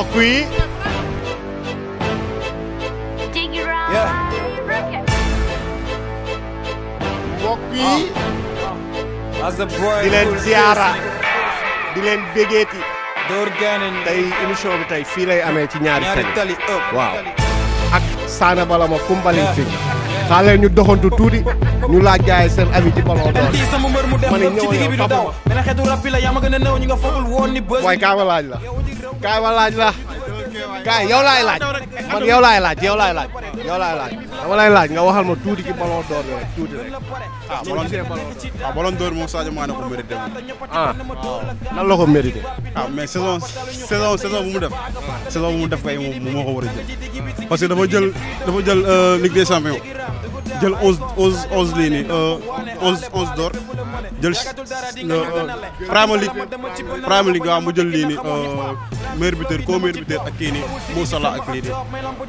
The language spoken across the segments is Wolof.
Sono qui. Yeah. Sono qui. di leen ziara di leen bégeeti. tey émission bi tey fii lay amee ci ñaari tali. Oh. waaw ak Saana Balama Kumbalin fi xaa leen ñu doxantu tuuti ñu laaj gaay seen avis ci ballon d'or ma ne ñëw yow topp ma waaye kaama laaj la. kaay ma laaj la kaay yow laay laaj man yow laay laaj yow laay laaj yow laay laaj dama lay laaj nga waxal ma tuuti ci ballon d'or bi rek tuuti rek. ah ballon ah ballon d'or moom Sadio Mané ko mérité moom. ah nan mérité. mais saison saison saison bu mu def. saison bu mu def kay moom moo ko war a jël. parce que dafa jël dafa jël euh, Ligue des jël onze onze onze lii nii onze euh, onze d'or jël euh, Premier League Premier League waaw mu jël lii nii euh, meilleur buteur co-meilleur buteur ak kii nii Moussa Salah ak lii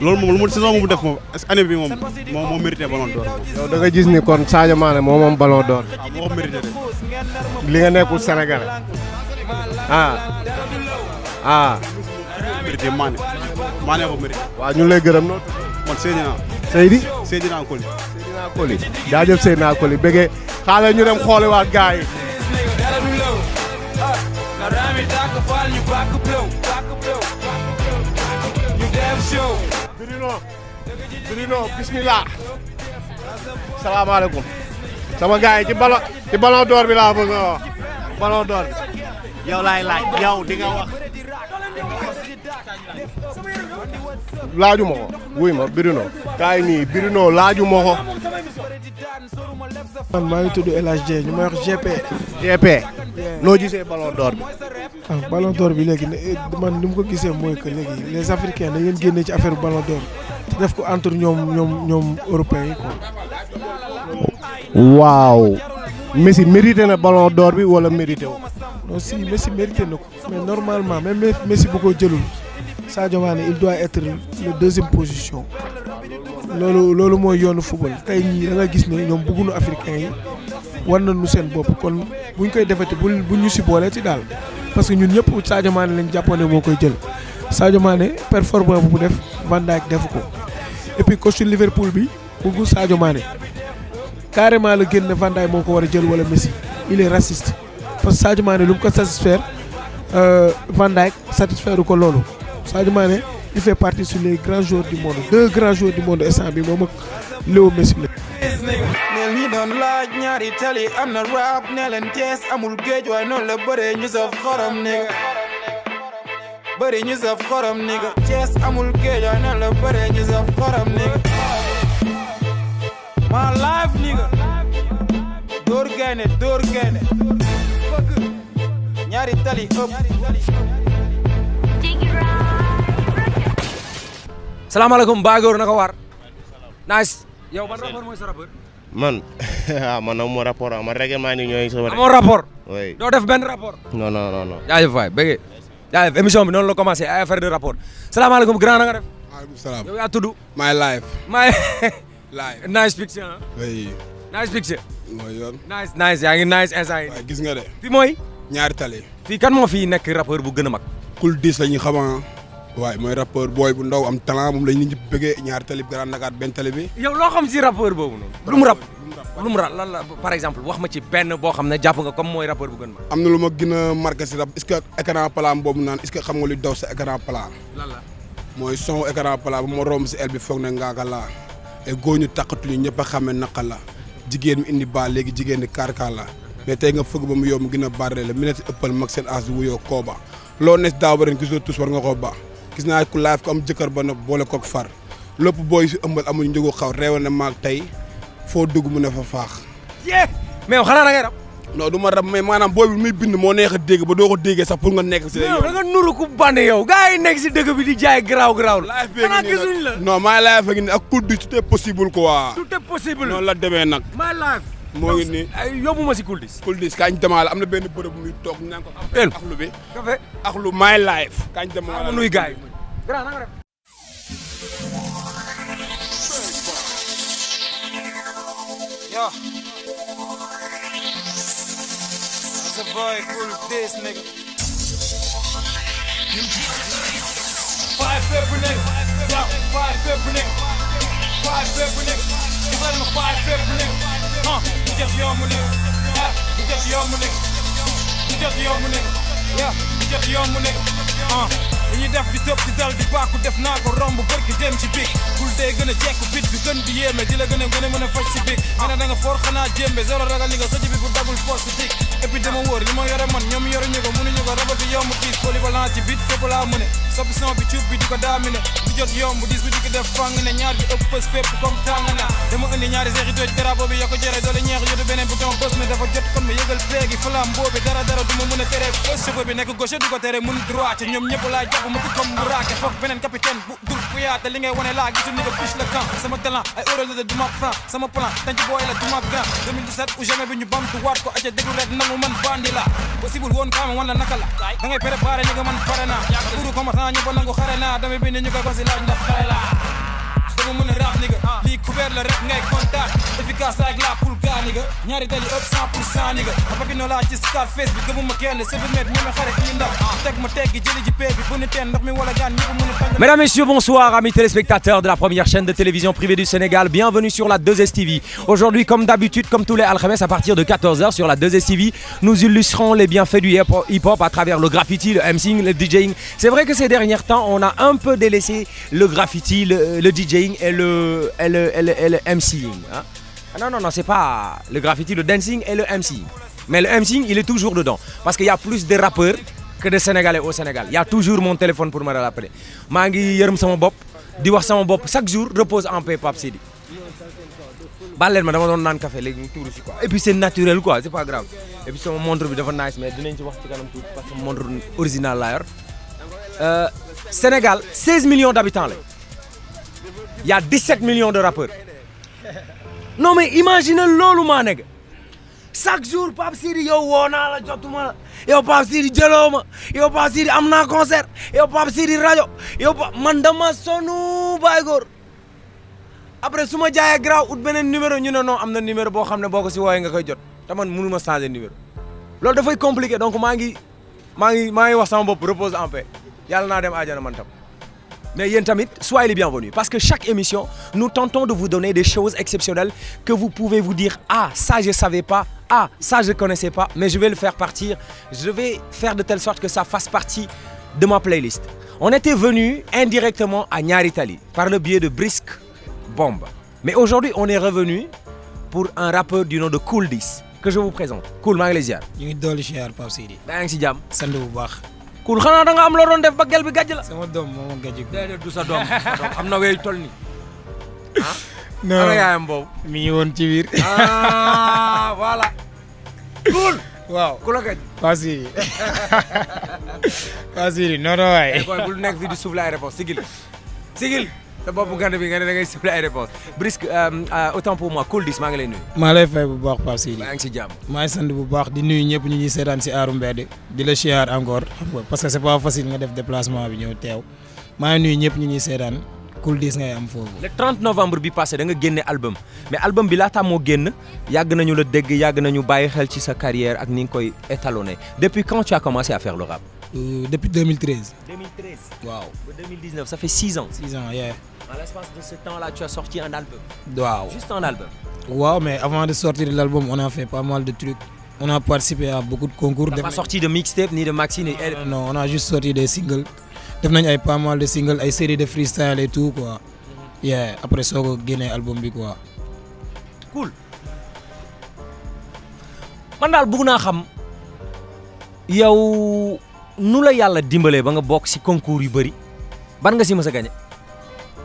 loolu moom lu mu saison moomu def moom année bi moom moom moo mérité ballon d'or. yow da gis ni kon Sadio Mané moo moom ballon d'or. waaw ah, moo mérité de. li nga nekkul Sénégal ah ah. mérité Mané Mané ko mérité. waaw ñu lay gërëm noonu. man Seydina. Seydi Seydina Koli. Seydina Koli jaajëf Seydina Koli bëggee xaaral ñu dem xooliwaat gars yi. Birino Birino bismillah. salaamaaleykum. sama gars yi ci ballon ci ballon d'or bi laa bëgg a wax ballon d'or bi. yow laay laaj yow di nga laaju ma ko wuy ma Bruno kaay nii Bruno laaju ma ko. man maa ngi tudd El Hadj Dieng ñu may wax GP. GP. noo gisee ballon d'or bi. ah bi léegi man ni mu ko gisee mooy que léegi les africains dañ leen génne ci affaire ballon d'or te def ko entre ñoom ñoom ñoom européens yi quoi. waaw. Messi mérité na ballon door bi wala mérité wu. non si Messi mérité na ko mais normalement Messi bu ko jëlul. Sadio Mané il doit être le deuxième position loolu loolu mooy yoonu football tey ñii da nga gis ne ñoom bëgguñu africain yi war na nañu seen bopp kon buñ koy defati bu buñ ñu si boolee ci daal parce que ñun ñëpp Sadio Mané lañ jàppoon moo koy jël Sadio Mané performance bu def Van Dijk def ko et puis coach Liverpool bi bëggu Sadio Mané carrément la génn Van Dijk moo ko war a jël wala Messi il est raciste parce que Sadio Mané lu mu ko satisfaire euh, Van Dijk ko loolu. Sadio Mané il fait partie sur les grands joueurs du monde deux grands joueurs du monde instant bi moom ak Léo Messi la. ne lii doon laaj ñaari tali am na rap ne leen amul géej waaye noonu la bëree ñu saf xorom nigga bëri ñu amul géej waaye noonu la bëree ñu saf xorom nigga ma life nigga dóor gaynde dóor gaynde ñaari tali ëpp salaamaaleykum Bagoor naka waar. nice yow ban rapport mooy sa rapport. man ah man amoo rapport ah man rek maa ngi ñooy sama. amoo rapport. oui doo def benn rapport. non non non non. jaajëf waay bëggee jaajëf émission bi noonu la commencé ay affaire de rapport salaamaaleykum grand na nga def. maaleykum salaam yow yaa tudd. my life. my life. nice picture ah. oui. nice picture. mooy yoon. nice nice yaa ngi nice instant yi. gis nga de. fii mooy. ñaari tali. fii kan moo fi nekk rappeur bu gën a mag. kul diis la ñuy xam ah. waaye mooy rappeur booy bu ndaw am talent moom la ñu ñëpp bëggee ñaar talib Grand Dakar benn tali yow loo xam si rappeur boobu noonu. lu mu rap lu mu lan la par exemple wax ma ci benn boo xam ne jàpp nga comme mooy rappeur bu gën ma. am na lu ma gën a marqué si rap est ce que écran plat boobu naan est ce que xam nga mooy son écran plat bu ma si el bi foog ne ngaaka laa et góoñu taqatuñu ñëpp a xamee naqa la jigéen mi indi baa léegi jigéen di karka la mais tey nga fëgg ba mu yomb gën a barré la minute ëppal mag seen as wuyoo kooba loo war nga koo baax gis naa ku live ko am jëkkër ba na boole kook far lépp booy fi ëmbal amuñu xaw reewal na maag tey foo dugg mu ne fa faax. jeex mais xanaa da ngay rab. non du ma rab mais maanaam booy bi muy bind moo neex a ba doo ko déggee sa pour nga nekk si. yow da nga nuru ku bande yow gars nekk si dëkk bi di jaay garaaw garaaw la. xanaa gisuñ la non maa ngi live ak ni ak kudd tout est possible quoi. la demee nag. maa moo ngi nii yóbbu ma si Kuldis. Kuldis kaañ demaale am na benn bërëb muy toog ñu naan ko. benn axlu bi my life. kaañ demaale am nuy gaay a boy cool this nigga. jot yomb nigga ah du jot yomb nigga du jot yomb nigga yeah du jot yomb nigga ah li ñuy def di tëb di dal di baaku def naa ko romb barki dem ci big bul dee gën a jekku bit bi gën bi yéeme di gën a gën a mën a faj si big nga ne foor xanaa jéembe zéro ragal li nga xëj bi bu dagul force si dig et puis dama wóor li ma yore man ñoom yoruñu yomb diis polyvalent ci bit fépp laa mëne sopison bi cuub bi di ko jot yomb diis bu di ko def fàng ne ñaar bi ëpp fës fépp comme tàng na dama indi ñaari seexi dooj drapeau bi yokko jëre doole ñeex bu ma ko gëm mu raake foog beneen capitaine bu dur ku yaate li ngay wane laa gisul ni nga fiche le camp sama talent ay euro la duma franc sama plan tanc booy la duma grand 2017 ou jamais bi ñu bamtu waat ko aca déglu rek nangu man bandi la ba woon kaama wan la naka la da ngay préparé ni nga man pare naa buru commerçant ñu ba nangu xare naa dama bind ñu koy basi laaj ndax xare la dama mën a raaf ni ma a Mesdames, Messieurs, bonsoir amis téléspectateurs de la première chaîne de télévision privée du Sénégal. Bienvenue sur la stv Aujourd'hui, comme d'habitude, comme tous les alchemins, à partir de 14 sur la stv nous illustrons les bienfaits du hip-hop à travers le graffiti, le MCing, le DJing. C'est vrai que ces derniers temps, on a un peu délaissé le graffiti, le, le DJing et le, et le, et le le, et le MCing. Hein. Ah non, non, non, c'est pas le graffiti, le dancing et le MCing. Mais le MCing, il est toujours dedans. Parce qu'il y a plus de rappeurs que de Sénégal. Il a toujours mon téléphone pour me rappeler. maa ngi yërëm sama bopp di wax sama bopp chaque jour repose en paix Pape Sidi. baal leen ma dama doon naan café léegi mu tuuru si quoi et puis c'est naturel quoi c'est pas grave et puis sama montre mais dinañ wax ci kanam tuuti parce que montre original laa yor euh, Sénégal 16 d'habitants la. il y a 17 millions de rappeurs non mais loolu maa nekk chaque jour Pape Sidi yow woo naa la jotuma la yow Pape Sidi jëloo yow Pape Sidi am naa concert yow Pape Sidi rajo yow man dama sonu baay góor après su ma jaayee garaaw ut beneen numéro ñu ne non am na numéro boo xam ne boo ko si wooyee nga koy jot taman man mënu ma changer numéro loolu dafay compliqué donc maa ngi maa ngi maa ngi wax sama bopp repose en paix yàlla naa dem aajana man tam. mais yéen tamit soyez les bienvenus parce que chaque émission nous tentons de vous donner des choses exceptionnelles que vous pouvez vous dire ah ça je savais pas ah ça je ne connaissais pas mais je vais le faire partir je vais de telle sorte que ça fasse partie de ma playlist on était venu indirectement à Ñaari par le biais de Brisk Bomb mais aujourd'hui on est revenu pour un rappeur du nom de Kool 10 que je vous présente Kool maa ñu ngi dolli ziar Pape Sidi. ngi si jàmm. sant bu baax. kun xanaa da nga am loo doon def ba gel bi gàjj la. sama doom moo ma gàjj. déedéet du sa doom am na wey toll nii. ah yaayam boobu. mi ngi woon ci biir. ah voilà. kun. waaw eh, nekk fii di souffler ay réponses sigil sigil. sa bopp gànd bi nga ne da ngay siffler ay réponses Brisk euh, euh, autant pour moi Coldis maa lay fay bu baax Pape maa ngi bu baax di nuyu ñëpp ñu ngi seetaan si aaru mbedd di la siyaar encore parce que c'est pas facile nga def déplacement bi ñëw teew maa ngi nuyu ñëpp ñu ngi seetaan Coldis ngay am foofu. le 30 novembre bi passé da génne album mais album bi laataa moo génn yàgg nañu la dégg yàgg nañu bàyyi xel ci sa carrière ak ni nga koy étalonné depuis quand tu as commencé à Euh, depuis 2013. 2013 Waouh. 2019, ça fait 6 de ce temps-là, tu mais avant de sortir l'album, on a fait pas mal de trucs. On a participé à beaucoup de concours. n'a pas sorti de mixtape ni de maxi ni. Non, non, on a juste sorti des singles. def nañ ay pas mal de singles ay séries de freestyle et tout quoi. Mhm. yeah après soo ko génnee album bi quoi. cool. man daal xam yow. nu la yàlla dimbalee ba nga bokk si concours yu bëri ban nga si mës a gagné.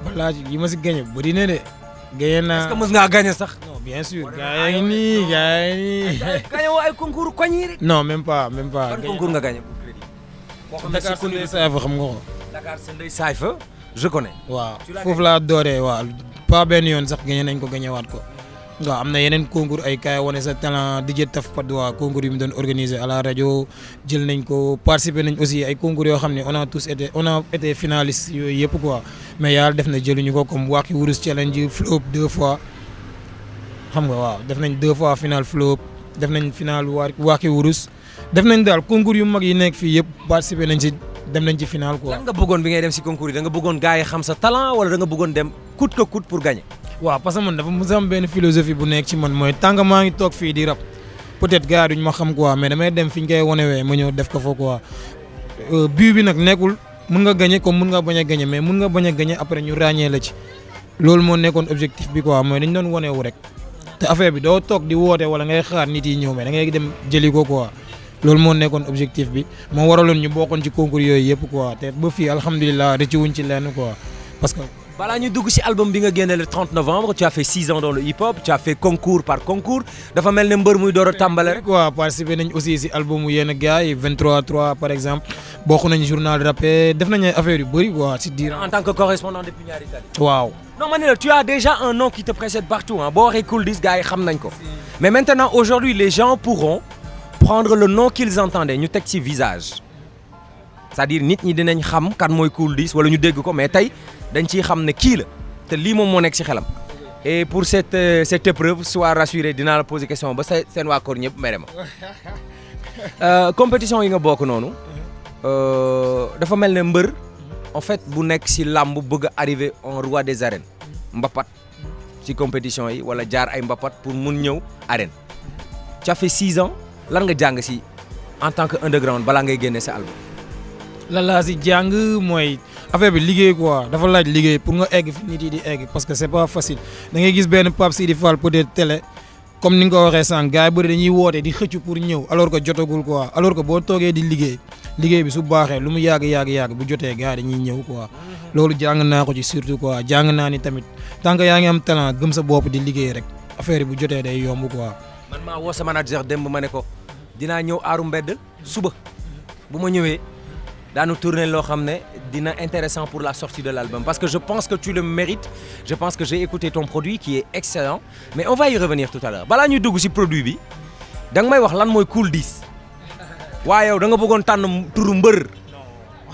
balaa yi ma si gagné bëri na de. gagné naa est-ce que sax. non bien sûr nii gars nii. gagné woo ay concours koñ yi rek. non même pas même pas. ban nga gagné. boo xam ne Dakar xam nga ko. Dakar Sën Ndeye Saïfa je connais. waaw foofu laa dooree waaw pas benn yoon sax gagné nañ ko gagné waat ko. waaw am na yeneen concours ay kaay wane sa talent DJ Taf Patte d'Oie concours mu doon organisé à la rajo jël nañ ko participer nañ aussi ay concours yoo xam ne on a tous été on a été finaliste yooyu yëpp quoi mais yàlla def na jëluñu ko comme Wacky Wurus challenge flop fois xam nga waaw def nañ deux fois final flop def nañ final Wacky Wurus def nañ daal concours yu mag yi nekk fii yëpp participer nañ ci dem nañ ci final quoi. lan nga bëggoon bi ngay dem ci concours yi da nga bëggoon gars nga bëggoon dem coûte que pour gagner. waaw parce que man dafa mos am benn philosophie bu nekk ci man mooy tàng maa ngi toog fii di rap peut-être gars duñ ma xam quoi mais damay dem fi ñu koy wanewee ma ñëw def ko foofu quoi euh, but bi nag nekkul mën nga gagné kom mun nga bañ a gagné mais mën nga bañ a après ñu ràññee la ci loolu moo nekkoon objectif bi quoi mooy dañ doon wanewu rek te affaire bi doo toog di woote wala ngay xaar nit yi ñëw mais da dem jëli ko quoi loolu moo nekkoon objectif bi moo waraloon ñu bokkoon ci concours yooyu yëpp quoi te ba fii alhamdulilah rëccuwuñ ci lenn quoi parce que balaa ñu dugg ci album bi nga génne le 30 novembre tu as fait 6 ans dans le hip hop tu as fait concours par concours dafa mel ne mbër muy door a tàmbale rek. waaw participé nañ aussi ci album yenn gars yi 23 3 par exemple bokk nañ journal rappé def nañ affaire yu bëri waaw ci diir. en tant que correspondant depuis ñaari Italie. boo waxee Cool 10 gars xam nañ ko. mais maintenant aujourd'hui les gens pourront prendre le nom qu'ils entendaient teg ci visage cest à nit ñi dinañ xam kan mooy Cool 10 wala ñu dégg ko mais tey. dañ ci xam ne kii la te lii moom moo nekk si xelam. et pour cette euh, cette épreuve sois rassuré dinaa la poser question ba sa seen waa koor ñëpp mere ma euh, compétition yi nga bokk noonu. Uh-huh. Euh, dafa mel ne mbër. en fait bu nekk si làmb bëgg a arriver en roi des arènes. mbapat ci compétition yi wala jaar ay mbapat pour mun ñëw arène. ça fait six ans lan nga jàng si en tant que underground bala ngay génne sa album. la laa si jàng mooy affaire bi liggéey quoi dafa laaj liggéey pour nga egg fi nit yi di egg parce que c'est pas facile da ngay gis benn Pape Sidi Fall peut-être télé comme ni nga ko waxee sànq gars yi bëri dañuy woote di xëccu pour ñëw alors que jotagul quoi alors que boo toogee di liggéey liggéey bi su baaxee lu mu yàgg yàgg yàgg bu jotee gars yi dañuy ñëw quoi loolu jàng naa ko ci surtout quoi jàng naa ni tamit tant que yaa ngi am talent gëm sa bopp di liggéey rek affaire bu jotee day yomb quoi. man maa woo sa manager démb ma ne ko dinaa ñëw aaru mbedd suba bu ma ñëwee daanu tourner loo xam ne dina intéressant pour la sortie de l'album parce que je pense que tu le mérites je pense que j'ai écouté ton produit qui est excellent mais on va y revenir tout à l'heure balaa ñuy dugg ci produit bi da nga may wax lan mooy Cool dis waaye yow da nga bëggoon tànn turu mbër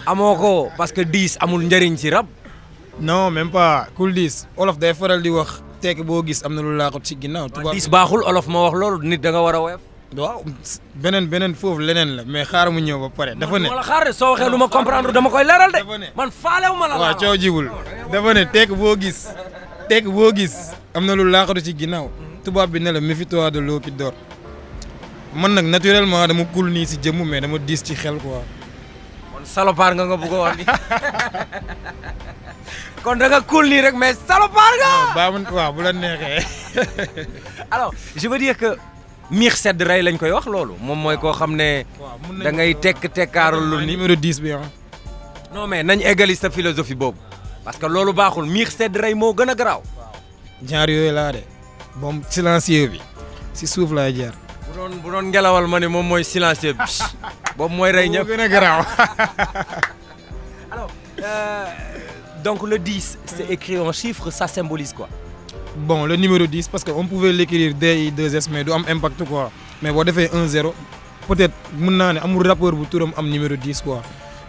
amoo ko parce que 10 amul njëriñ si rab non même pas Cool 10 olof day faral di wax tekk boo gis am na lu laaxut ci ginnaaw. tubaab 10 baaxul olof moo wax loolu nit danga nga war a woyof waaw beneen beneen foofu leneen la mais xaar mu ñëw ba pare. dafa ne wala xaar de soo waxee lu ma comprendre dama koy leeral de. man faalewu ma la waaw coow jibul dafa ne tekk boo gis tekk boo gis am na lu laaxatu ci ginnaaw. tubaab bi ne la méfie-toi de l'eau qui dort man nag naturellement dama kul nii si jëmm mais dama diis ci xel quoi. salo salopard nga nga bëgg a kon da nga kul nii rek mais salopard nga. waaw baax waaw bu la neexee. alors miix sedd rey lañ koy wax loolu moom mooy koo xam ne da ngay tekk tekkaarul lu ni numéro 10 bi non mais nañ égali sa philosophie boobu parce que loolu baaxul miix sedd rey moo gën a garaaw genre yooyu laa de moom silencieux bi si suuf laa jaar bu doon ngelawal ma ne moom mooy silencieux bi boobu mooy rey ñëpp gën a euh, le 10 c'est écrit en chiffre ça symbolise quoi bon le numéro 10 parce que on pouvait l'écrire DI2S mais du am impact quoi mais boo defee 1-0 peut-être mën naa ne amul rapport bu turam am numéro 10 quoi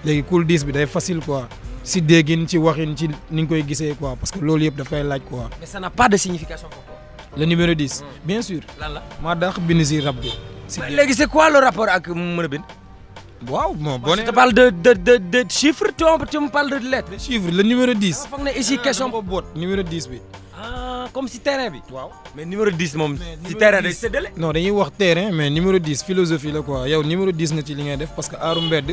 léegi Cool 10 bi day facile quoi si déggin ci waxin ci ni nga koy gisee quoi parce que loolu yëpp dafay laaj quoi. mais ça n'a pas hmm. lan la. maa dàq bind si bi. léegi c'est quoi rapport ak mën a bind. waaw bon boo nee. je te parle de de de de chiffre tu me parles de lettre. chiffre le numéro 10. Ah, bi. ah comme si terrain bi. waaw mais numéro 10 moom. si terrain day séddale. dañuy wax terrain mais numéro 10 philosophie la quoi yow numéro 10 nga ci li ngay def parce que aaru mbedd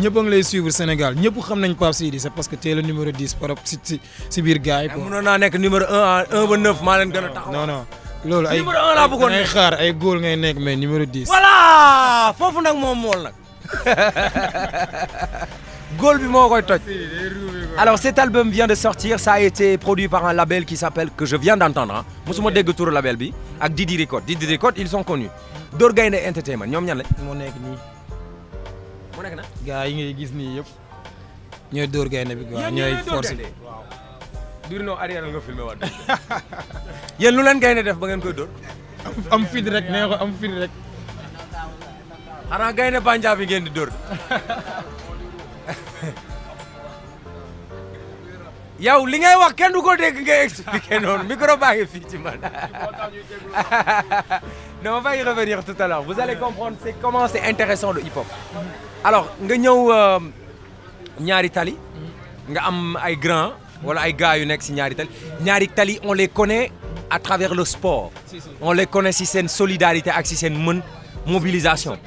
ñëpp a ngi lay suivre Sénégal ñëpp xam nañ Pape Sidi c'est parce que teel a numéro 10 si biir gars yi quoi. Ah, mënoon naa nekk numéro 1 à 1 ba 9 maa leen gën a taxaw. non non loolu ay nekk mais numéro 10. voilà foofu nag moom mool nag. góol bi moo koy toj alors cet album vient de sortir ça a été produit par un label qui s'appelle que je viens d'entendre ah mosuma dégg turu label bi ak Didi Record Didi Record ils sont connus Dóor Gaynde Entertainment ñoom ñan la moo nekk nii moo nekk na yi ngay gis nii yëpp ñooy Dóor Gaynde bi quoi ñooy force bi dur non arrière nga filmé lu leen gaynde def ba ngeen koy dóor am fit rek am fit rek xanaa gaynde Panjaabi ngeen di dóor yow li ngay wax kenn du ko dégg ngay expliqué noonu micro baa ngi fii ci man non on va y revenir tout à l'heure vous allez comprendre c'est comment c'est intéressant le hip-hop alors nga ñëw ñaari euh, tali nga am ay grand wala ay gars yu nekk si ñaari tali ñaari tali on les connaît à travers le sport on les connaît si seen solidarité ak si seen mën mobilisation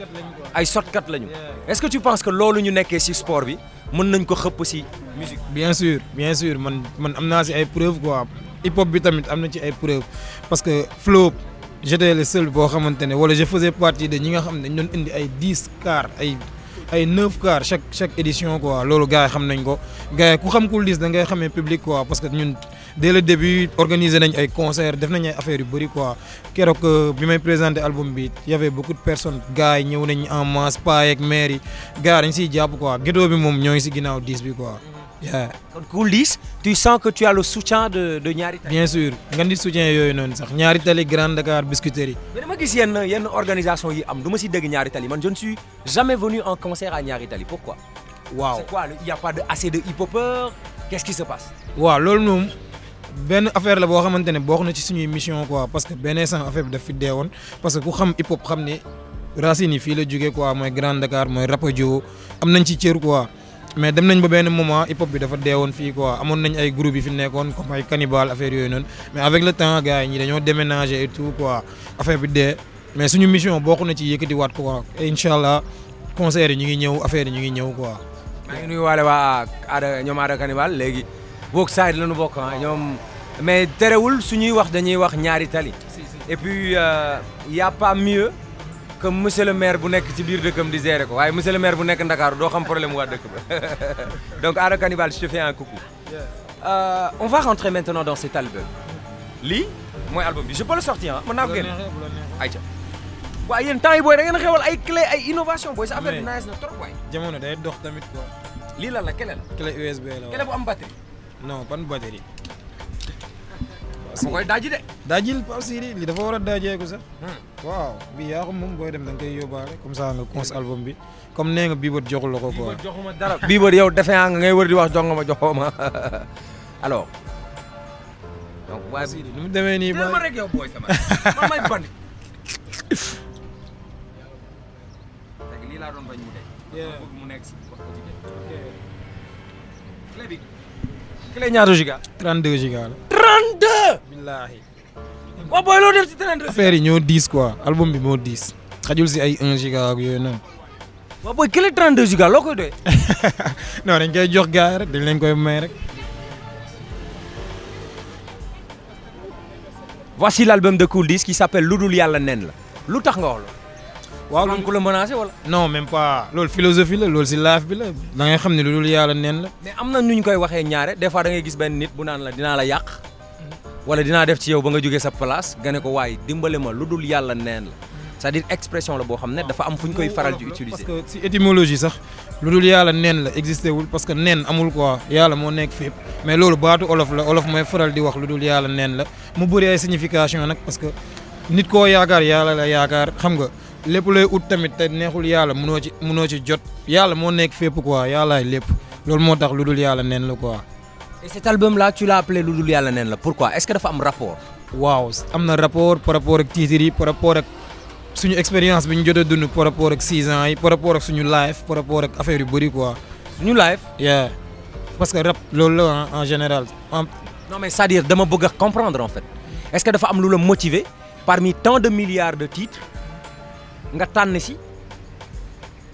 ay sotkat lañu est-ce que tu penses que loolu ñu nekkee ci sport bi mën nañ ko xëpp ci musique. bien sûr bien sûr man man am naa ci ay preuves quoi hip hop bi tamit am na ci ay preuves parce que flow j'étais le seul boo xamante ne wala je faisais partie de ñi nga xam ne ñu doon indi ay dix quarts ay. ay neuf quarts chaque chaque édition quoi loolu gars yi xam nañ ko gars yi ku xam ku liis da ngay public quoi parce que ñun dès le début organiser nañ ay concert def nañ ay affaires yu bëri quoi keroog euh, bi may présenter album bi y avait beaucoup de personnes gars yi ñëw en masse paa yeeg maire yi gars jàpp quoi ghetto bi moom ñoo si ginnaaw diis bi quoi. kon Cool 10 tu sens que tu as le soutien de Ñaari Tali. bien sûr nga soutien yooyu noonu sax Ñaari Tali Grand Dakar Biscuiterie. ma si dégg man je suis jamais venu en concert à Ñaari Tali pourquoi. waaw loolu moom. benn affaire la boo xamante ne bokk na ci suñuy mission quoi parce que benn instant affaire bi daf fi dee woon parce que ku xam hip hop xam ne racines yi fii la jógee quoi mooy Grand Dakar mooy Rapadio am nañ ci cër quoi. mais dem nañ ba benn moment hip hop bi dafa deewoon fii quoi amoon nañ ay groupe yi fi nekkoon comme ay cannibal affaire yooyu noonu mais avec le temps gars yi dañoo déménager et tout quoi affaire bi dee mais suñu mission bokk na ci yëkkati waat quoi et incha allah concert yi ñu ngi ñëw affaire yi ñu ngi ñëw quoi. maa ngi nuyuwaale waa Aada ñoom Aada léegi. woke side la ñu ñoom ah ñoom wul terewul ñuy wax dañuy wax ñaari tali. et puis euh, a pas mieux que monsieur le maire bu nekk ci biir dëkkam di gérer ko waaye monsieur le maire bu nekk Ndakaaru doo xam problème waa dëkk ba donc Aada Cannibal je te fais un coucou. Euh, on va rentrer maintenant dans cet album. lii mooy album bi je peux le sortir ah. mën naa ko génne yi booy da ngeen xewal ay clé ay innovation booy sa affaire bi nice na trop waay. jamono day dox tamit quoi. lii la la. clé USB la waaw bu am non ban batterie. mu koy daji de. dajil li dafa war a dajeeku sax. Hmm. waaw bi yaa ko moom booy dem da nga koy yóbbaale comme ça nga cons album bi comme nee nga biibar joxul la ko quoi. biibar joxuma dara biibar yow defe nga ngay di wax jox nga ma joxoo ma nii. ma rek yow booy nekk clé ñaata giga. 32 giga la. 32. billaahi. waaw booy loo dem si 32. affaire yi ñoo diis quoi album bi moo diis. xajul si ay 1 giga ak yooyu noonu. waaw booy clé 32 giga loo koy doy. non dañ koy jox gars rek dañ leen koy may rek. l'album de Cool Disc qui s'appelle lu dul yàlla nen la lu tax nga wax waaw loolu ku la menacé wala. non même pas loolu philosophie la loolu si laaf bi la da ngay xam ne lu dul neen am na nu ñu koy waxee ñaare des fois da ngay gis benn nit bu naan la dinaa la wala dinaa def ci yow ba nga jógee sa place nga ko waaye dimbale ma lu dul yàlla neen la c'est-à-dire la boo xam ne dafa am fu ñu koy faral di utiliser. parce sax lu dul yàlla neen la existé wul parce que neen amul quoi yàlla moo nekk fépp mais loolu baatu olof la olof mooy faral di wax lu dul yàlla neen la mu bëri ay signification nag parce que nit koo yaakaar yàlla la yaakaar xam nga. lépp lay ut tamit neexul yàlla mënoo ci mënoo ci jot yàlla moo nekk fépp quoi y lépp loolu moo tax lu dul yàlla neen la quoi. et cet album la tu l'as appelé lu dul yàlla neen la pourquoi est-ce que dafa am rapport. waaw am na rapport par rapport ak titres yi par rapport ak suñu expérience bi ñu jot a dund par rapport ak 6 ans yi par rapport ak suñu live par rapport ak affaire yu bëri quoi. suñu live. yeah parce que rap loolu la en général en. non mais cest à dama bëgg a comprendre en fait dafa am lu la motiver parmi tant de milliards de titres. nga tànn si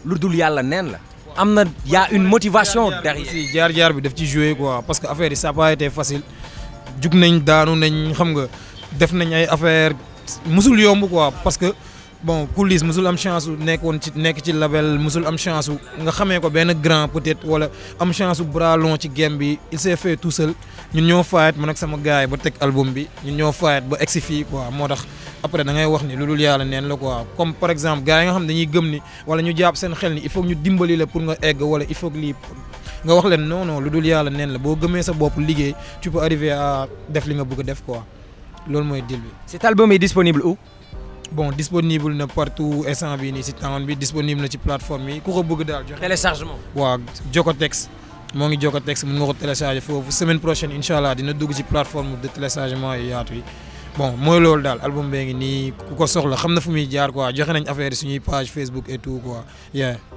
lu dul yàlla neen la. am na y une motivation derrière. si jaar jaar bi def ci joué quoi parce que affaire yi ça n'a pas été facile jug nañ daanu nañ xam nga def nañ ay affaire musul yomb quoi parce que. bon Coulisse musul am chance su nekkoon ci nekk ci label musul am chance su nga xamee ko benn grand peut-être wala am chance su bras long ci game bi il s'est fait tout seul ñun ñoo faayet man ak sama gars yi ba teg album bi ñun ñoo faayet ba egsi fii quoi moo tax après da ngay wax ni lu dul yàlla neen la quoi comme par exemple gars yi nga xam ne dañuy gëm ni wala ñu jàpp seen xel ni il faut ñu dimbali la pour nga egg wala il faut lii nga wax leen non non lu dul yàlla neen la boo gëmee sa bopp liggéey tu def li nga bëgg def quoi loolu mooy deal bi. cet album est disponible bon disponible na partout instant bi nii si town bi disponible na ci plateforme yi ku ko bëgg daal joxe. téléchargement waaw Jokotex moo ngi Jokotex mun nga ko télécharger foofu semaine prochaine incha allah dina dugg ci plateforme de téléchargement yi yaatu yi bon mooy loolu daal album bee ngi nii ku ko soxla xam na fu muy jaar quoi joxe nañ affaire yi suñuy page Facebook et tout quoi.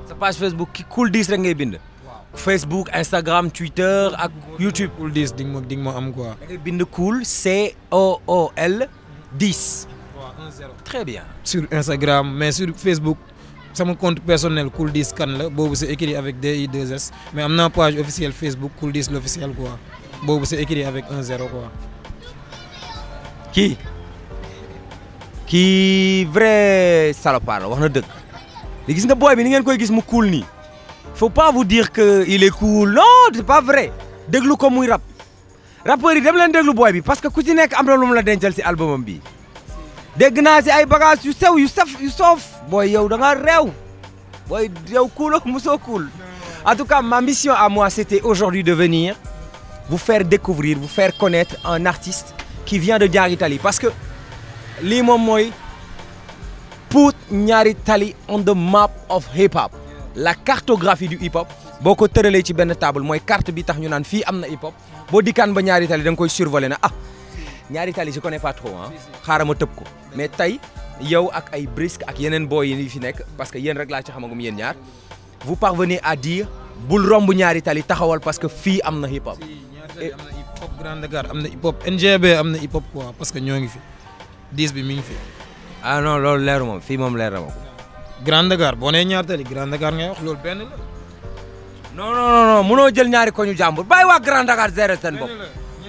sa page Facebook ki Cool 10 rek ngay bind. Facebook Instagram Twitter ak YouTube. Cool 10 di nga ma di nga ma am quoi. da ngay bind Cool C O très bien sur Instagram mais sur Facebook sama compte personnel Cool 10 Kan la boobu se écrit avec DI2S mais am naa page officielle Facebook Cool 10 l'officiel quoi boobu c'est écrit avec 10 quoi. kii kii vrai salopard la wax na dëgg li gis nga bi ni ngeen koy gis mu cool nii faut pas vous dire que il est cool non pas vrai déglu ko muy rap rappeurs yi dem leen déglu booy bi parce que ku nekk am na lu mu la dencal ci albumam bi dégg naa si ay bagage yu sew yu saf yu soof booy yow da nga réew booy yow kuuloo mosoo kuul en tout cas ma mission à moi c'était aujourd'hui de venir vous faire découvrir vous faire connaître un artiste qui vient de Ñaari Tali parce que lii moom mooy Pout Ñaari Tali on the map of hip hop la cartographie du hip hop boo ko tëralee ci benn table mooy carte bi tax ñu naan fii am na hip hop boo dikkaan ba Ñaari Tali da nga koy survoler na ah ñaari tali ko connais pas trop ah. xaaral ma tëb ko mais tey yow ak ay brisque ak yeneen booy yi fi nekk parce que yéen rek laa ci xamagum yéen ñaar vous parvenez à dire bul romb ñaari tali taxawal parce que fii am na hip hop. et am na hip hop Grand Dakar am na hip hop NGB am na hip hop quoi parce que ñoo ngi fi 10 bi mi ngi fi. ah na loolu leeru moom fii moom leer na ko. Grand Dakar boo nee ñaari tali Grand Dakar ngay wax loolu benn la. non non non munoo jël ñaari koñu jàmbur bàyyi waa Grand Dakar gérer seen bopp.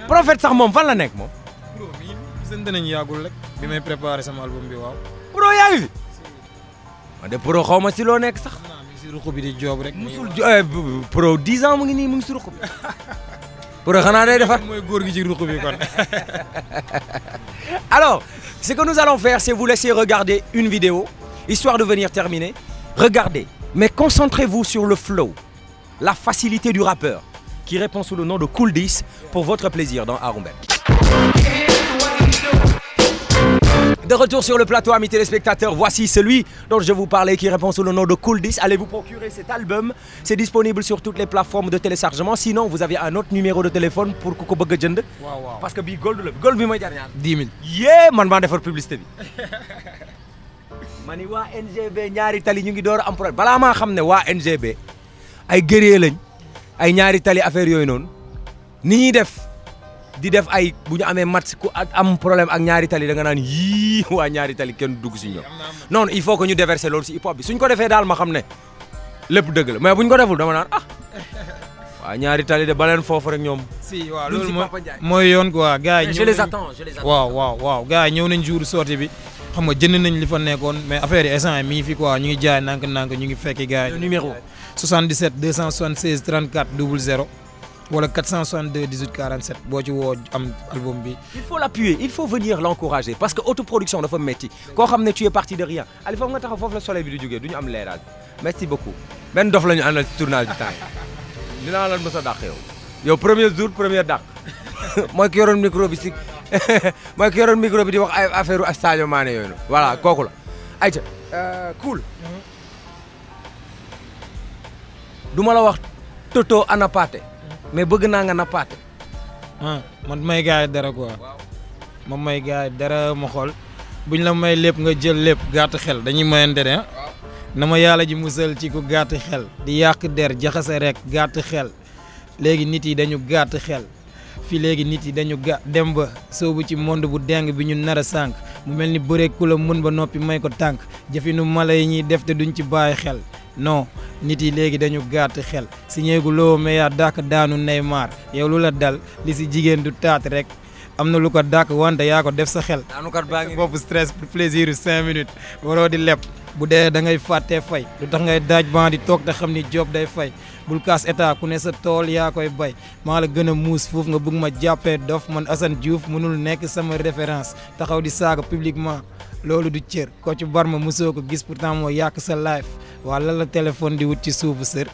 prophète sax moom fan la nekk moom. gisante nañ yàggul rek bi may préparé sama album bi waaw. pro yaa ngi fi. ma de pro xaw ma si loo nekk sax. bi di joob rek. musul pro eh, 10 ans mu ngi nii mu ngi si xanaa day defar mooy góor gi ci ruq bi kon. alors ce que nous allons faire c'est vous laisser regarder une vidéo histoire de venir terminer regardez mais concentrez-vous sur le flow la facilité du rappeur qui répond sous le nom de Cool 10 pour votre plaisir dans Arru Mbed De retour sur le plateau, amis téléspectateurs, voici celui dont je vous parlais qui répond le nom de Cool 10. Allez vous procurer cet album. C'est disponible sur toutes les plateformes de téléchargement. Sinon, vous avez un autre numéro de téléphone pour ku ko bëgg a parce que bii gold la gold bi mooy jar ñaar. 10 000 yee man maa ma ni waa NGB ñaari tali ñu ngi door am balaa maa xam ne waa NGB ay guerrier lañ ay ñaari tali affaire yooyu noonu ni ñuy def. di def ay bu ñu amee match ku am problème ak ñaari tali da nga naan yii waa ñaari tali kenn dugg si ñoom non il faut que ñu déverser loolu si hip suñ ko defee daal ma xam ne lépp dëgg la mais buñ ko deful dama naan ah waaw ñaari tali de baleen foofu ñoom. si waaw loolu mooy mooy yoon quoi gars yi. je les attends je les attends waaw waaw waaw gars yi ñëw nañ jour sortie bi. xam nga jënd nañ li fa nekkoon mais affaire yi instant mi ngi fi quoi ñu ngi jaay nank nank ñu ngi fekki gars yi. numéro 77 276 34 00. wala 462 18 47 boo ci woo am album bi. il faut l'appuyer il faut venir l'encourager parce que autoproduction dafa métti koo xam ne tu es parti de rien Aliou foofu nga taxaw foofu la soleil bi di jógee du ñu am leeraal merci beaucoup. benn dof la ñu àndal ci tournage bi temps yi dinaa la mos a dàq premier jour premier dàq mooy ki yoroon di wax ay affaire ak Sadio Mané yooyu noonu voilà kooku la ayca euh, cool mhm. du ma la wax Toto Anapate mais bëgg naa nga nappaate. ah man may gars yi dara quoi. ma may gars dara ma xool buñ la may lépp nga jël lépp gàtt xel dañuy mayante ne ah. na ma yàlla ji musal ci ku gàtt xel. di yàq der jaxase rekk gàtt xel léegi nit yi dañu gàtt xel. depuis léegi nit yi dañu ga dem ba soobu ci monde bu deng bi ñu nar a sànq mu mel ni bëreeg ku mën ba noppi may ko tànk jëfinu mala yi ñuy def te duñ ci bàyyi xel non nit yi léegi dañu gàtt xel si ñeegu loo meyaa dàkk daanu Neymar yow lu la dal li si jigéen du taat rek am na lu ko dàkk wante yaa ko def sa xel. daanu kat baa ngi bopp stress pour plaisir cinq minutes waroo di lepp. bu dee da ngay fàttee fay lu tax ngay daaj baa di toog te xam ni job day fay bul kaas état ku ne sa tool yaa koy bay maa la gën a muus foofu nga bëgg ma jàppee dof man Assane Diouf mënul nekk sama référence taxaw di saaga publiquement loolu du cër ko ci bar ma mosoo ko gis pourtant moo yàq sa life waa lan la téléphone di wut ci suufu sër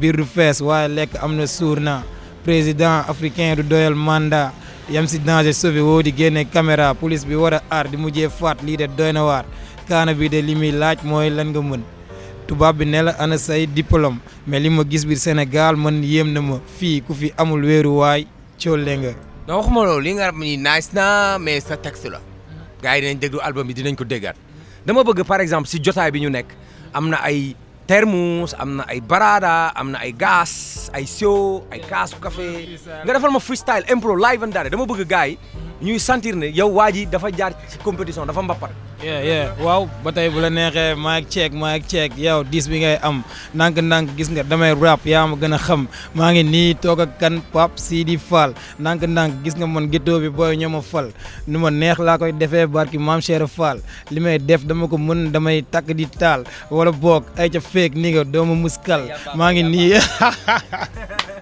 biir du fees waaye lekk am na suur naa président africain du doyal mandat yam si danger sauvé woo di génne caméra police bi war a aar di mujjee faat lii de doy na waar kaana bi de li muy laaj mooy lan nga mën tubaab bi ne la ana say diplôme mais li ma gis biir Sénégal man yéem na ma fii ku fi amul wéeruwaay coolle nga. non waxuma loolu li nga rab ni nice na mais sa texte la. gars yi dinañ déglu album bi dinañ ko déggaat. dama bëgg par exemple si jotaay bi ñu nekk am na ay termus am na ay barada am na ay gaz ay sio ay kaasu café nga defal ma freestyle impro live and dare dama bëgg gars yi ñuy sentir ne yow waa ji dafa jaar ci compétition dafa mbappat. waaw ba tey bu la neexee maa ngi ceeg maa ngi ceeg yow diis bi ngay am ndànk-ndànk gis nga damay rap yaa ma gën a xam maa ngi nii toog ak kan Pape Sidi Fall ndànk-ndànk gis nga man ghetto bi booy ñoo ma fal nu ma neex laa koy defee barki maam Cheikh Fall li may def dama ko mën damay takk di taal wala boog ay ca feeg ni nga dooma muskal maa ngi nii.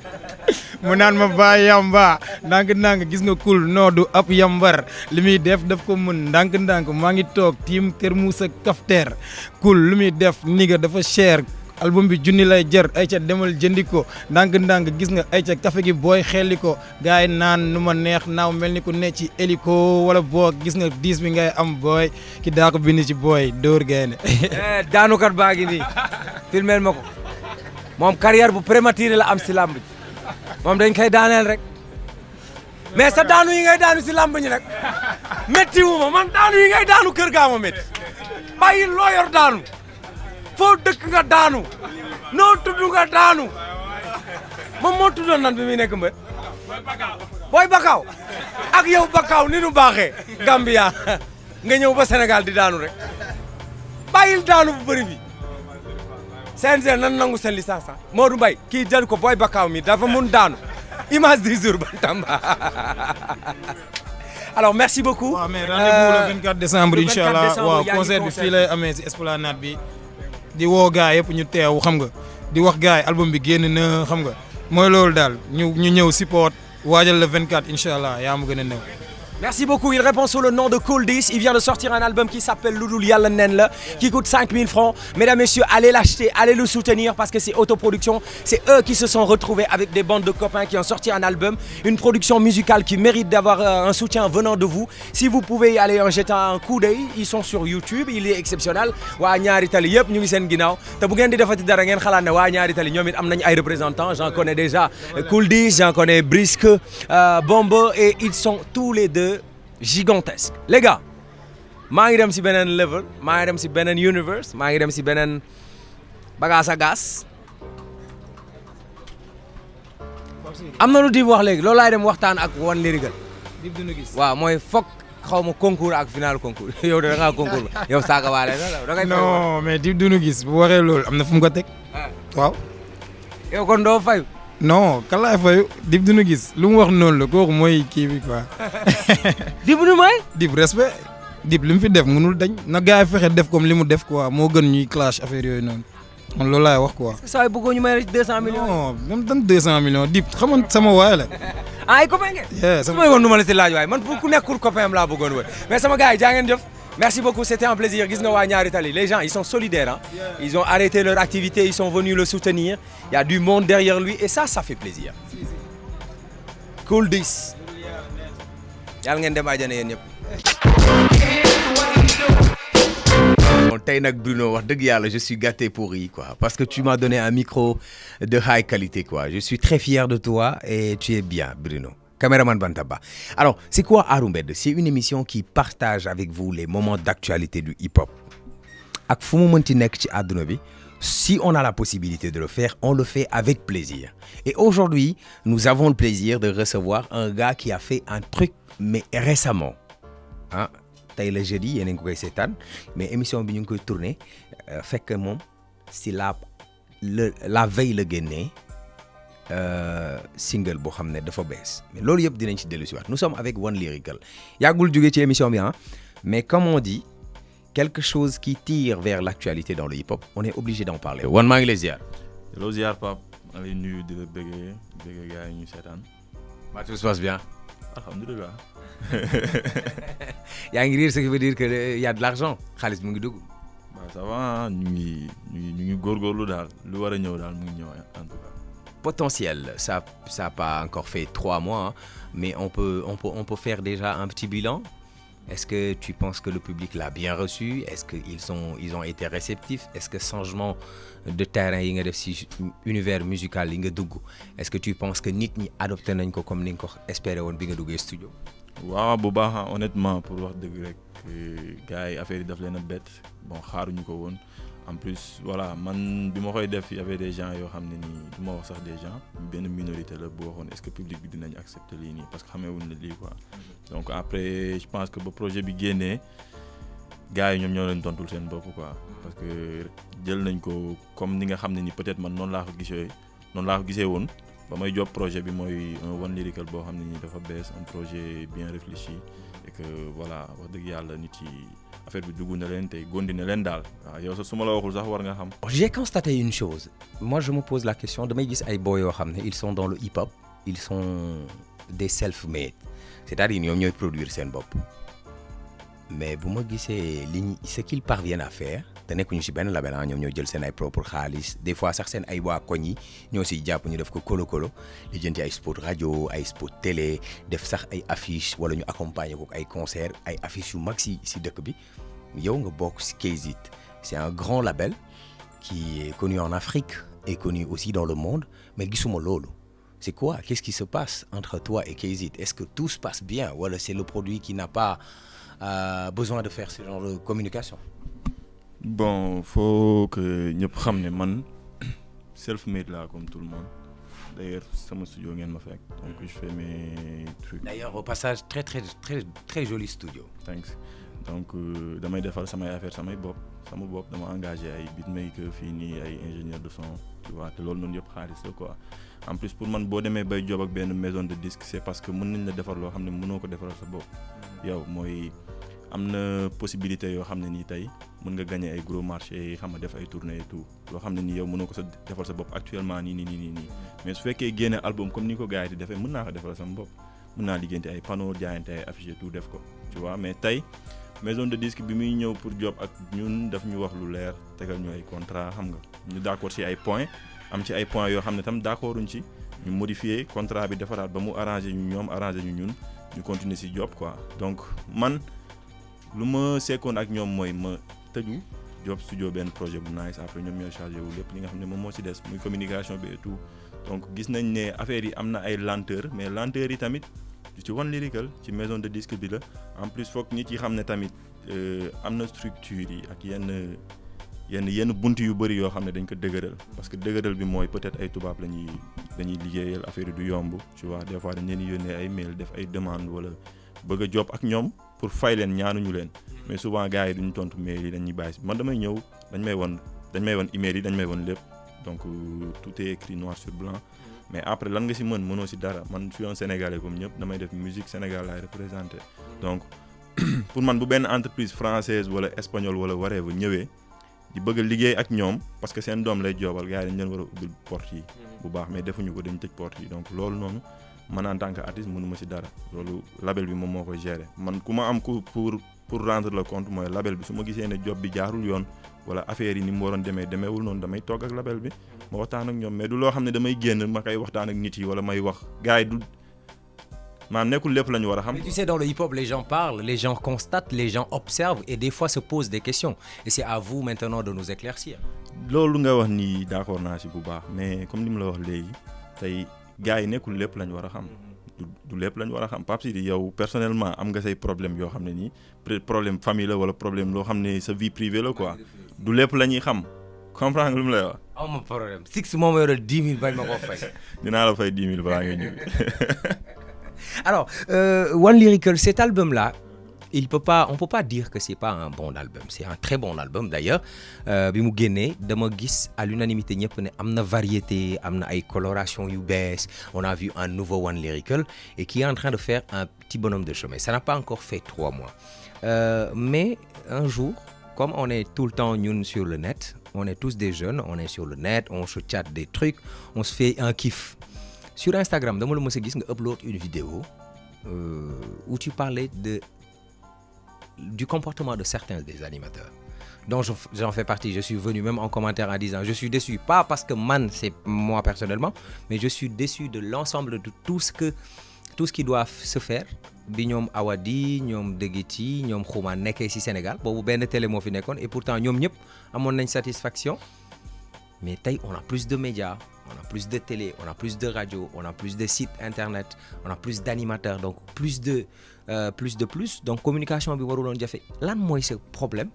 mu naan ma ba yamba ndànk-ndànk gis nga kul du ab yambar li muy def daf ko mën ndànk-ndànk maa ngi toog tiim termus ak kafteer kul lu muy def niga dafa cher album bi junni lay jar ay ca demal jëndi ko ndànk-ndànk gis nga ay ca café gi booy xelli ko gars yi naan nu ma neex naaw mel ni ku ne ci hélico wala boog gis nga diis bi ngay am booy ki daa ko bind ci booy dóor gaynde eh, daanukat baa ngi nii filmeel ma ko moom carrière bu prématuré la am moom dañ koy daaneel rek mais sa daanu yi ngay daanu si làmb ñi nag métti wu ma man daanu yi ngay daanu kër gaa ma métti bàyyi daanu foo dëkk nga daanu noo tudd nga daanu moom moo tuddoon nan bi muy nekk mbër booy bakaaw ak yow bakaaw ni nu baaxee Gambia nga ñëw ba senegal di daanu rek bàyyil daanu bu bëri bi CNG nan nangu seen licence ah Modou Mbaye kii jël ko booy Bakaaw mi dafa mun daanu image du jour Bantamba alors merci beaucoup. waaw mais rendez-vous le 24 décembre euh, incha allah waaw concert bi fii lay amee si esplanade bi. di woo gars yëpp ñu teew xam nga di wax gars yi album bi génn na xam nga mooy loolu daal ñu ñu ñëw support waajal le 24 incha allah yaa ma gën a néew. merci beaucoup il répond sous le nom de Cool 10 il vient de sortir un album qui s'appelle lu dul nen la qui coûte francs mesdames messieurs allez le soutenir parce que c'est autoproduction c'est eux qui se sont retrouvés avec des bandes de copains qui ont sorti un album une production musicale qui mérite d'avoir euh, un soutien venant de vous si vous pouvez aller en jetant un coup d'œil ils sont sur il est exceptionnel waa euh, et ils gigantesque les gars maa ngi dem si beneen level maa ngi dem si beneen universe maa ngi dem si beneen bagage à gaz am na lu di wax léegi loolu laay dem waxtaan ak wan lirigal waaw mooy fok xaw ma concours ak final concours yow de concours yow saaga waale da ngay non mais Dip Doundou Guiss bu waxee loolu am na fu mu ko teg ah. waaw yow kon doo fay non Kalla Faye Dip Doundou gis lu mu wax noonu la kooku mooy kii bi quoi. Dip nu mooy. Dip respect Dip li mu fi def mënul dañ na gars yi fexe def comme li mu def quoi moo gën ñuy clash affaire yooyu noonu man loolu laay wax quoi. saa yu bëggoo ñu may rek 200 millions. non même dan 200 millions Dip xamoon sama waay la. Ah, ay copain ngeen. sama su nu ma la si laaj waay man pour ku nekkul laa bëggoon waay mais sama gars yi jaa ngeen jëf. merci beaucoup c'était un plaisir gis nga waa ñaari tali les gens ils sont solidaires ah ils ont arrêté leur activité ils sont venus le soutenir il y a du monde derrière lui et ça ça fait plaisir Cool 10 ngeen dem tey nag Bruno wax dëgg yàlla je suis gâté pourri quoi parce que tu m'as donné un micro de high qualité je suis très fier de toi et tu es bien Bruno Caméraman Bantaba. Alors, c'est quoi Arumbed C'est une émission qui partage avec vous les moments d'actualité du hip-hop. Ak fu mu mënti nekk ci àdduna bi, si on a la possibilité de le faire, on le fait avec plaisir. Et aujourd'hui, nous avons le plaisir de recevoir un gars qui a fait un truc, mais récemment. Hein? Ah, tey la jeudi yéen a ngi koy seetaan mais émission bi ñu ngi koy tourner euh, fekk moom si la la veille la génnee Euh, single boo xam ne dafa bees mais loolu yëpp dinañ ci dellu si waat nous sommes avec One Lyrical yàggul jógee ci émission bi ah mais comme on dit quelque chose qui tire vers l'actualité dans le hip-hop on est obligé d'en parler One maa ngi lay ziar. loo ziar Pape maa ngi nuyu di la ñu seetaan. maa tout se bien. alhamdulilah. yaa ngi riir ce qui veut dire que euh, y a de l'argent xaalis mu ngi dugg. waaw ça va ñu ngi ñu ngi ñu daal lu war a ñëw daal mu ngi ñëw en potentiel. Ça n'a pas encore fait trois mois, mais on peut, on peut, on peut faire déjà un petit bilan. Est-ce que tu penses que le public l'a bien reçu Est-ce qu'ils ont, ils ont été réceptifs Est-ce que changement de terrain yi nga def si univers musical yi nga dugg est-ce que tu penses que nit ñi adopté nañ ko comme ni nga ko espéré woon bi nga duggee studio. waaw bu baax honnêtement pour wax de rek gars yi affaire yi daf leen a bett bon xaaruñu ko woon. en plus voilà man bi ma koy def y avait des gens yoo xam ne nii du ma wax sax des gens benn minorité la boo waxoon est-ce que public bi dinañ accepter lii nii parce que xameewuñ na lii quoi donc après je pense que ba projet bi génnee gars yi ñoom ñoo leen tontul seen bopp quoi parce que jël nañ ko comme ni nga xam ne ni peut-être man noonu laa ko gisee noonu laa ko gisee woon ba may job projet bi mooy un one lyrical boo xam ne nii dafa bees un projet bien réfléchi et que voilà wax dëgg yàlla nit yi affaire bi dugg na leen tey gondi na leen daal waaw ah, yow sax su ma la waxul sax war nga xam. j'ai constaté une chose moi je me pose la question damay gis ay boo yoo xam ne ils sont dans le hip hop ils sont des self-made c'est-à-dire ñoom ñooy produire seen bopp. mais bu ma gisee li ñu ce qu'ils parviennent à faire te nekkuñu si benn label ah, ñoom ñoo jël seen ay propre xaalis des fois sax seen ay waa koñ yi ñoo siy jàpp ñu def ko kolo kolo di jënti ay spot rajo ay spot télé def sax ay affiche wala ñu accompagner ko ay concert ay affiches yu mag si si dëkk bi yow nga bokk si Kayzit c'est un grand label qui est connu en Afrique et connu aussi dans le monde mais gisuma loolu c'est quoi qu'est-ce qui se passe entre toi et Kayzit que tout se passe bien wala c'est le produit qui n'a pas a besoin de faire ce communication bon faut ñëpp xam ne man self made là comme tout le monde d'ailleurs sama studio ngeen ma fekk donc je fais mes trucs d'ailleurs au passage très très très très joli studio donc euh, damay defar samay affaire samay bopp sama bopp dama engagé ay beatmaker fii nii ay ingénieur de son tu vois loolu noonu yëpp xaalis la quoi en plus pour man boo demee bay job ak benn maison de disque c'est parce que mën nañ la defar loo xam ne mënoo ko defaral sa bopp. Mm-hmm. yow mooy am na possibilité yoo xam ne nii tey mën nga gagner ay gros marché xam nga def ay tournées et tout xam ne nii yow mënoo ko sa defal sa bopp actuellement nii nii nii nii mm-hmm. mais su fekkee génne album comme ni ko gars yi di defee mën naa ko sa sama bopp mën naa liggéeyante ay panneaux jaayante ay affiches tout def ko tu vois mais tey. maison de disque bi muy ñëw pour job ak ñun daf ñu wax lu leer tegal ñu ay contrat xam nga ñu d'accord ci ay points am ci ay points yoo xam ne tam d'accorduñ ci ñu modifier contrat bi defaraat ba mu arrangé ñu ñoom arrangé ñu ñun ñu continuer si job quoi donc man lu ma sekkoon ak ñoom mooy ma tëju job studio benn projet bu nice après ñoom ñooy chargé wu lépp li nga xam ne moom moo ci des muy communication bi et tout donc gis nañ ne affaire yi am na ay lenteur mais lenteur yi tamit du ci One Lyrical ci maison de disque bi la en plus foog nit yi xam ne tamit euh, am na structure yi ak yenn. yenn yenn bunt yu bëri yoo xam ne dañ ko dëgëral parce que dëgëral bi mooy peut-être ay tubaab la ñuy dañuy liggéeyal affaire du yomb tu vois des fois dañ leen yónnee ay mail def ay demande wala bëgg a ak ñoom pour fay leen ñaanuñu leen mais souvent gars yi duñu tontu mail yi dañuy bàyyi man damay ñëw dañ may won dañ may won email yi dañ may won lépp donc euh, tout est écrit noir sur mais après lan nga si mën mënoo si dara man je suis un sénégalais comme ñëpp damay def musique Sénégal laay représenté donc pour man bu benn entreprise française wala espagnole wala whatever ñëwee di bëgg liggéey ak ñoom parce que seen doom lay joobal gars yi dañ leen war a ubbil porte yi mhm. bu baax mais defuñu ko dañ tëj porte yi donc loolu noonu man en tant que artiste mënu ma si dara loolu label bi moom moo ko gérer man ku ma am ku pour pour rendre la compte mooy label bi su ma gisee ne job bi jaarul yoon wala affaire yi ni mu waroon demee demeewul noonu damay togg ak label bi mhm. ma waxtaan ak ñoom mais du loo xam ne damay génn ma koy waxtaan ak nit yi wala may wax gars yi du maanaam nekkul lépp la ñu war a xam. mais tu sais dans le hip hop les gens parlent les gens constatent les gens observent et des fois se posent des questions et c'est à vous maintenant de nous éclaircir loolu nga wax nii d'accord naa si bu baax mais comme ni mu la wax léegi tey gars yi nekkul lépp lañu war a xam. du lépp lañu war a xam Pape Sidi yow personnellement am nga say problème yoo xam ne nii problème famille la wala problème loo xam ne sa vie privée la quoi du lépp la ñuy xam comprends lu mu lay wax. aw ma problème six moom yoreel dix mille bañ Alors, euh, One Lyrical, cet album-là, il peut pas on peut pas dire que c'est pas un bon album c'est un très bon album d'ailleurs euh, bi mu génnee dama gis à l'unanimité ñëpp ne am na variété am na ay coloration yu bees on a vu un nouveau One Lyrical et qui est en train de faire un petit bonhomme de chemin ça n'a pas encore fait trois mois euh, mais un jour comme on est tout le temps ñun sur le net on est tous des jeunes on le net on se chatte des trucs on se fait un kiff sur Instagram dama la mës a gis nga upload une vidéo euh, où tu parlais de du comportement de certains des animateurs donc j'en fais partie je suis venu même en commentaire en disant je suis déçu pas parce que man c'est moi personnellement mais je suis déçu de l'ensemble de tout ce que tout ce qui doit se faire bi ñoom Awadi ñoom Degiti ñoom Xuma nekkee ci Sénégal boobu benn télé moo fi nekkoon et pourtant ñoom ñëpp amoon nañ satisfaction mais tey on a plus on a plus de télé, on a plus de radio, on a plus de sites internet, on a plus d'animateurs, donc plus de euh, plus de plus. Donc communication bi waruloon jafe lan mooy ce problème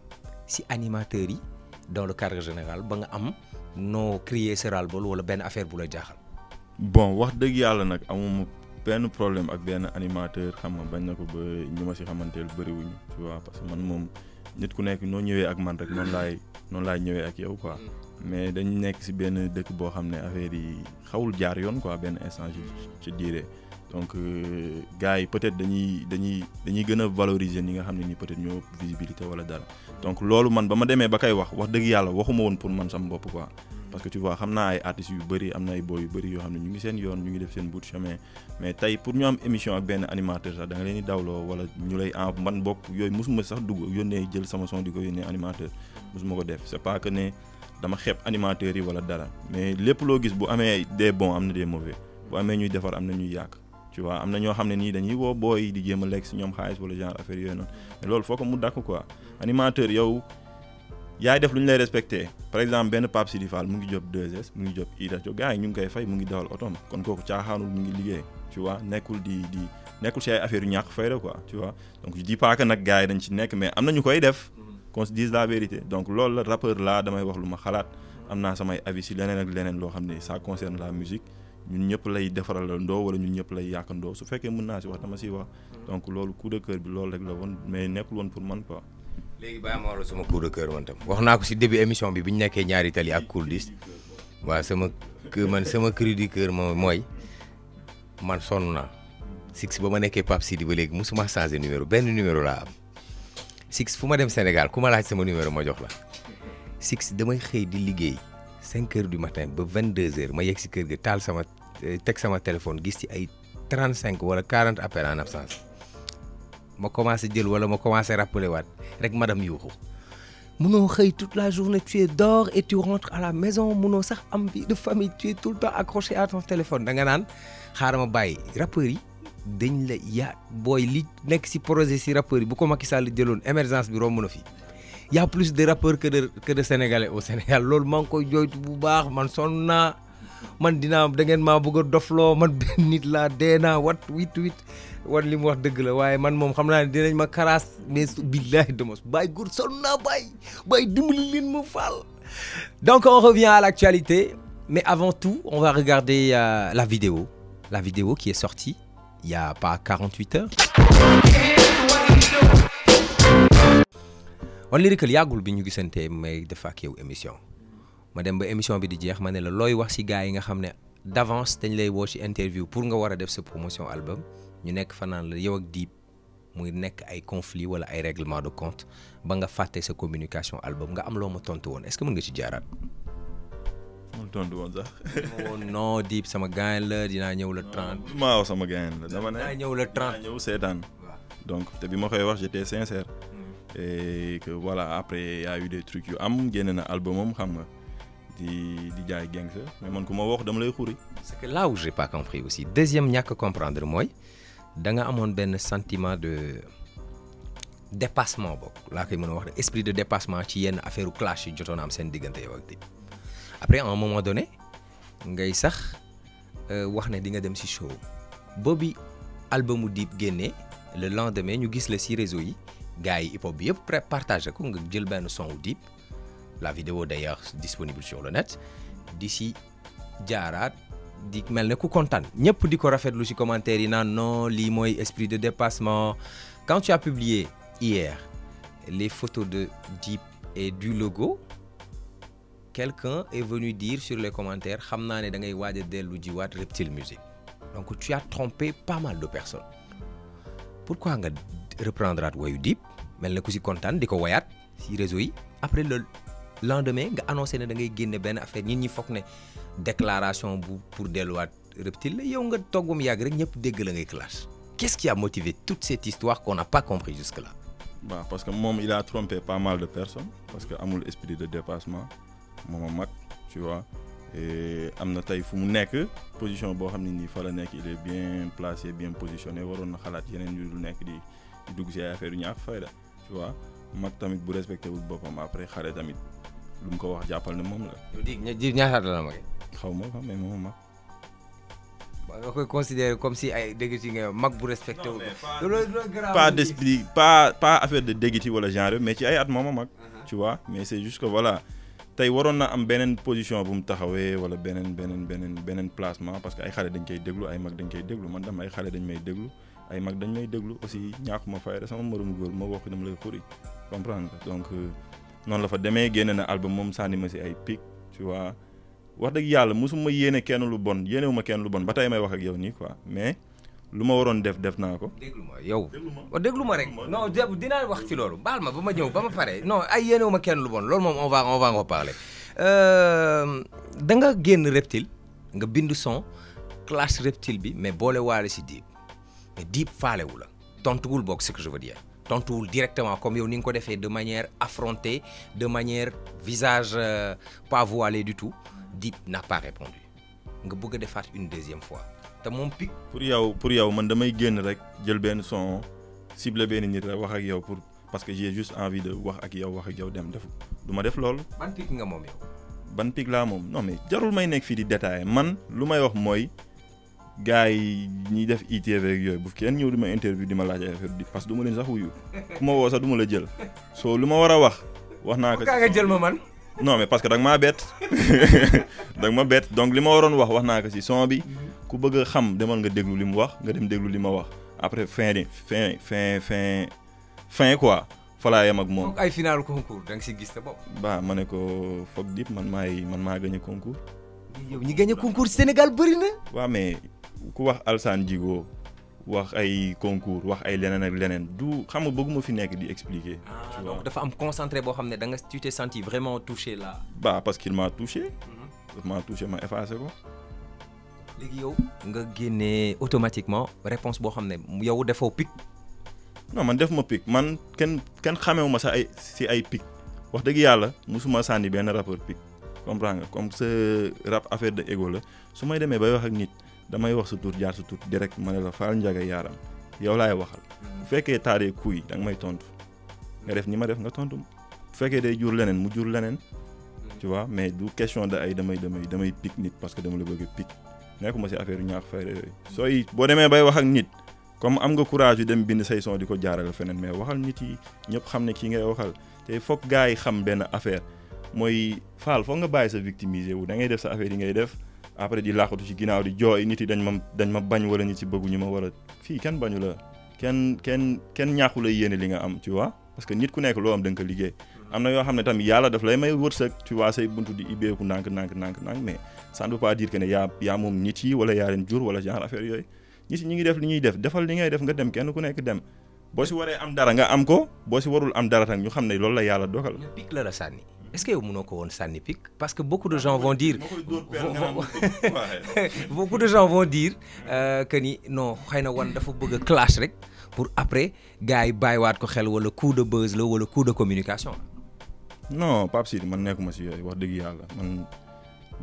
si animateurs yi dans le cadre général ba nga am noo créer sa ras-le-bol wala benn affaire bu la jaaxal. bon wax dëgg yàlla nag amuma benn problème ak benn animateur xam nga bañ na ko ba ñi ma si xamanteel bëriwuñu tu vois parce que man moom nit ku nekk noo ñëwee ak man rek noonu laay noonu laay ñëwee ak yow quoi. Mm. mais dañu nekk si benn dëkk boo xam ne affaire yi xawul jaar yoon quoi benn instant je je dirais donc euh, gars yi peut-être dañuy dañuy dañuy gën a valoriser ni nga xam ne ni peut-être ñoo visibilité wala dara donc loolu man ba ma demee ba koy wax wax dëgg yàlla waxuma woon pour man sama bopp quoi parce que tu vois xam naa ay artistes yu bëri am na ay yu bëri yoo xam ne ñu ngi seen yoon ñu ngi def seen bout de chemin mais tey pour ñu am émission ak benn animateur sax da ñu lay man bopp yooyu mosuma sax dugg yónnee jël sama son di ko yónnee animateur mosuma ko def c'est pas que dama xeeb animateur yi wala dara mais lépp loo gis bu amee des bon am na des mauvais bu amee ñuy defar am na ñuy yàq tu vois am na ñoo xam ne nii dañuy woo booy di jéem a lekk si ñoom xaalis wala genre affaire yooyu noonu mais loolu foo ko mu dàkk quoi animateur yow yaay def lu lay respecté par exemple benn Pape Sidi mu ngi job 2 mu ngi job Ida jo gars ñu ngi koy fay mu ngi dawal otoom kon kooku caaxaanul mu ngi liggéey tu vois nekkul di di nekkul si ay affaire yu ñàkk fayda quoi tu vois donc je dis nag gars yi dañ ci nekk mais am na ñu koy def qu'on se dise la vérité donc loolu la rappeur laa damay wax lu ma xalaat am naa samay avis si leneen ak leneen loo xam ne ça concerne la musique ñun ñëpp lay defaral ndoo wala ñun ñëpp lay yàqandoo su fekkee mën naa si wax dama si wax donc loolu coup de cœur bi loolu rek la woon mais nekkul woon pour man quoi. léegi Baye Amaro sama coup de cœur man wax naa ko si début émission bi bi ñu nekkee ñaari tali ak Kourdis waaw sama man sama crédit du moom mooy man sonn naa six ba ma nekkee Pape Sidi ba léegi mosuma changé numéro benn numéro laa am. six fu ma dem Sénégal ku ma laaj sama numéro ma jox la six damay xëy di liggéey cinq heures du matin ba vingt deux heures ma yegg si kër ga taal sama eh, teg sama téléphone gis ci ay trente cinq wala quarante appels en absence ma commencé jël wala ma commencé rappeler waat rek madame yuuxu munoo xëy tout la journée tu es dehors et tu rentres à la maison munoo sax am vie de famille tu es le temps accroché à ton téléphone danga naan xaaral ma bàyyi rappeurs yi. dañ la yaa booy li nekk si projet si rappeurs yi bu ko Macky Sall jëloon émergence bi romb na fi y' plus de rappeurs que de que au Sénégal loolu maa ngi koy jooytu bu baax man sonn naa man dinaa da ngeen maa bëgg a dofloo man benn nit la dee naa wat wit wit war li mu wax dëgg la waaye man moom xam naa ne dinañ ma karaas mais billahi demos bàyyi góor sonn naa bàyyi bàyyi dimbali leen ma faal donc on revient à mais avant tout on va euh, la vidéo la vidéo qui est sortie il n'y a pas 48 heures. One Lyrical yàggul bi ñu gisantee may def ak émission ma dem ba émission bi di jeex ma ne la looy wax ci gars yi nga xam ne d'avance dañ lay woo ci interview pour nga war a def sa promotion album ñu nekk fanaan la yow ak Dip muy nekk ay conflit wala ay règlement de compte ba nga fàtte sa communication album nga am loo ma tontu woon est-ce que mën nga ci jaaraat. moom tontu woon sax. non Dip sama gaañ la dinaa ñëw le 30. maa wax sama gaañ la dama ne dinaa ñëw le 30 ñëw seetaan. donc te bi ma koy wax j'étais sincère. Mm. et que voilà après y a eu yu am génne na album am xam na di di jaay geng sa mais man ku ma wax dama lay xuri. c'est que là où j'ai pas aussi deuxième ñàkk comprendre mooy da nga benn sentiment de. dépassement boobu laa koy mën a wax de esprit de dépassement ci yenn affaire clash yi jotoon am seen diggante yow ak Dip après à un moment donné ngay sax euh, wax na di nga dem ci show ba bi albumu Dip génnee le lendemain ñu gis la ci réseau yi gars yi hip hop bi yëpp pré partagé ko nga jël benn son wu Dip la video d'ailleurs disponible sur le net di ci jaaraat di mel ne ku kontaan ñëpp di ko rafetlu ci commentaire yi naan non lii mooy esprit de dépassement quand tu as hier les photos de Dip et du logo quelqu'un est venu dire sur les commentaires xam naa ne da ngay waaj a dellu jiwaat Reptile Music donc tu as trompé pas mal de personnes pourquoi nga reprendraat wayu Dip mel na ku si kontaan di ko woyaat si réseau yi après le lendemain nga annoncé ne da ngay génne benn affaire nit ñi foog ne déclaration bu pour delluwaat Reptile la yow nga toog ba mu yàgg ñëpp dégg la ngay clash qu'est-ce qui a motivé toute cette histoire qu'on pas parce que moom il a pas mal de personnes parce que amul esprit de dépassement moo ma mag tu am na tey fu mu nekk position boo xam ne nii fa la nekk il est bien placé bien positionné waroon na xalaat yeneen yu lu nekk di di dugg si ay affaire yu ñaax fayda tu vois mag tamit bu respecté wul boppam après xale tamit lu mu ko wax jàppal na moom la. yow di di ñaataat la la magee. xaw ma ko mais moom mag. waaw nga koy si ay dëggati nga mag bu respecté wu. loolu pas d'esprit affaire de dëggati wala genre mais ci ay at moom a mag. Uh-huh. tu mais c'est juste que voilà. tey waroon na am beneen position bu mu taxawee wala beneen beneen beneen beneen placement parce que ay xale dañ koy déglu ay mag dañ koy déglu man tam ay xale dañ may déglu ay mag dañ may déglu aussi ñàkkuma fayda sama moromu góor ma wax dama lay xuri comprendre nga donc euh, noonu la fa demee génne na album moom sànni ma si ay pic tu waa wax dëgg yàlla mosuma yéene kenn lu bon yéenewuma kenn lu bon ba tey may wax ak yow nii quoi mais. lu ma waroon def def naa ko. déglu yow déglu ma oh, rek non dinaa wax ci loolu baal ma ba ma ñëw ba ma pare non ay yéenewu ma kenn lu bon loolu moom on va on va en parler euh, da nga génn reptile nga bind son classe reptile bi mais boole waale si diib mais diib faalewu la tontuwul boog ce que je veux dire tontuwul directement comme yow ni nga ko defee de manière affrontée de manière visage euh, pas voilé du tout diib n'a pas répondu nga bëgg a defaat une deuxième fois. te moom pic. pour yow pour yow man damay génn rek jël benn son cible benn nit wax ak yow pour parce que j'ai juste envie de ak yow wax ak yow dem def du ma def loolu. nga moom ban pic laa moom non mais may nekk fii di détaillé man lu may wax mooy gars yi ñiy def ITV ak yooyu bu kenn ñëw di ma interview ma laaj affaire di parce que du ma leen sax wuyu ku ma woo sax du ma la jël soo lu ma war a wax. wax naa ko jël ma man. non parce que danga maa bett ma bett donc li ma waroon wax wax naa ko si son bi. Mhm. ku bëgg xam demal nga déglu li mu wax nga dem déglu li ma wax après fin fin fin fin fin quoi fa laa ak moom. foog ay final concours da nga si gis sa bopp. ba ma ne ko foog dip man maay man maa gagné concours. yow ñi gagné concours Sénégal bëri na. waaw mais ku wax Alsaan Djigo wax ay concours wax ay leneen ak leneen du xam nga bëgguma fi nekk di expliquer. ah donc dafa am concentré boo xam ne danga nga tu t'es senti vraiment touché là. ba parce qu'il m'a touché. daf mhm. maa touché ma effacé ko. léegi yow nga génne automatiquement réponse boo xam ne yow defoo pic. non man def ma pic man kenn kenn xamewu ma sa ay si ay pic wax dëgg yàlla musuma sànni benn rappeur pic comprends nga comme sa rap affaire de égo la su may demee bay wax ak nit damay wax sa tur jaar sa tur direct ma ne la faal njaga yaaram yow laay waxal mm-hmm. bu fekkee taaree kuy da nga may tontu nga def ni ma def nga tontu bu fekkee day jur leneen mu jur leneen mm-hmm. tu vois mais du question de ay damay damay damay parce que dama bëgg pic nekkuma si affaire ñaax fayda yooyu sooy boo demee bay wax ak nit comme am nga courage yu dem bind say di ko jaaral feneen mais waxal nit yi ñëpp xam ne kii ngay waxal te foog gars yi xam benn affaire mooy faal foog nga bàyyi sa victimiser wu da ngay def sa affaire yi ngay def après di làqatu ci ginnaaw di jooy nit yi dañ ma dañ ma bañ wala nit yi bëgguñu ma wala fii kenn bañu la kenn kenn kenn ñaaxu la yéene li nga am tu vois parce que nit ku nekk loo am da ko liggéey am na yoo xam ne tamit yàlla def lay may wërsëg tu vois say buntu di ibbeeku ndànk ndànk ndànk ndànk mais ça pas dire que yaa moom nit yi wala yaa leen jur wala genre affaire yooyu nit yi ñi ngi def li ñuy def defal li ngay def nga dem kenn ku nekk dem boo si waree am dara nga am ko boo si warul am dara tam ñu xam ne loolu la yàlla dogal. ñu la la sànni est-ce que yow mënoo ko woon sànni pic parce que beaucoup de gens vont dire beaucoup de gens vont dire euh, que ni non xëy na wan dafa bëgg a rek pour après gars yi bàyyiwaat ko xel wala coup de buzz la wala coup de communication non Pape Sidi man nekkuma si yooyu wax dëgg yàlla man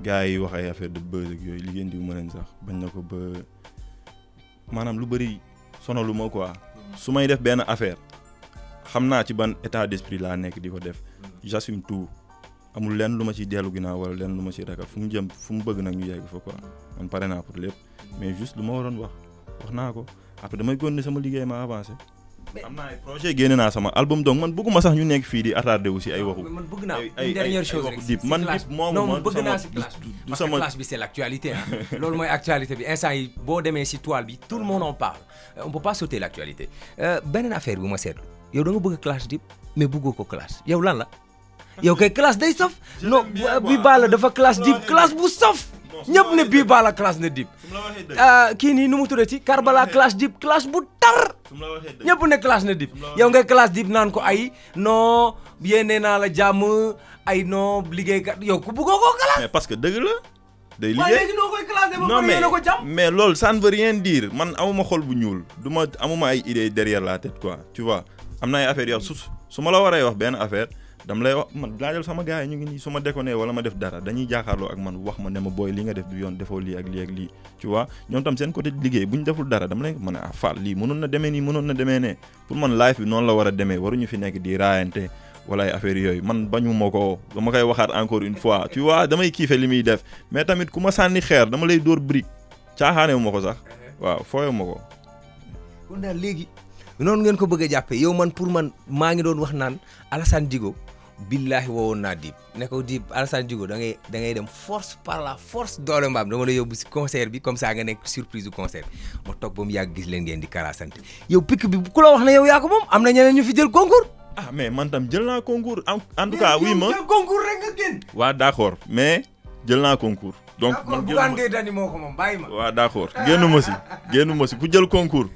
gars yi wax ay affaire de buzz ak yooyu liggéey di mën sax bañ na ko ba maanaam lu bëri sonalu ma quoi mm. su may def benn affaire xam naa ci ban état d'esprit laa nekk di ko def mm. j'assume tout amul lenn lu ma ci dellu ginnaaw wala lenn lu ma ci ragal fu mu jëm fu mu bëgg nag ñu yegg fa ko mm. man pare naa pour lépp mais juste lu ma waroon wax wax naa ko après damay continuer sama liggéey ma avancé am naa ay projet génne naa sama album donc man bëgguma sax ñu nekk fii di attardé wu si ay waxu. Ah, man bëgg naa une dernière chose rek si man dip moomu ma du sama du sama classe bi c'est mooy actualité bi instant yi boo demee si toile bi tout le monde en parle euh, on peut euh, beneen affaire bi ma seetlu yow da nga bëgg classe dip mais bëggoo ko classe yow lan la yow kay classe day saf. non bi baala dafa classe dip classe bu saf. ñëpp ne bii baa la classe ne dib ah, kii nii nu mu tuddee ci tuddati Karbala classe dib classe bu tar ñëpp ne classe ne dib yow nga classe dib naan ko ay non yéene naa la jàmm ay liggéey kat yow ku buggoo koo classe mais parce que dëgg la day liggéey non mais mais loolu ça ne veut rien dire man amuma xol bu ñuul du ma amuma ay idée derrière la tête quoi tu vois am na ay affaires yow su su ma la waree wax benn affaire dam wax man laajal sama gars yi ñu ngi nii su ma déconné wala ma def dara dañuy jaakaarloo ak man wax ma ne ma booy li nga def du yoon defoo lii ak lii ak lii tu vois ñoom tam seen côté liggéey bu ñu deful dara dam lay mën a ah, faal lii mënoon na demee nii mënoon na ne pour man life bi noonu la war a demee waruñu fi nekk di raayante wala ay affaire yooyu man bañu ma ko ma koy waxaat encore une fois tu vois damay kiife li muy def mais tamit ku ma sànni xeer dama lay dóor brique caaxaanewu ma ko sax waaw fooyewu ma ko. kon léegi noonu ngeen ko bëgg a jàppee yow man pour man maa ngi doon wax naan Alassane Djigo billaahi woowoon naa diib ne ko diib Alassane Diogo da ngay da ngay dem force par la force doole mbaam dama la yóbbu si concert bi comme ça nga nekk surprise du concert ma toog di kalaasante yow picc bi moom am na ñeneen ñu fi jël concours. Ah, mais man tam jël naa concours en tout cas. oui ma jël concours waa accord mais jël naa concours. donc man jël ma dani moo ko moom bàyyi ma. waa d' accord génnu ma si génnu ma si ku jël concours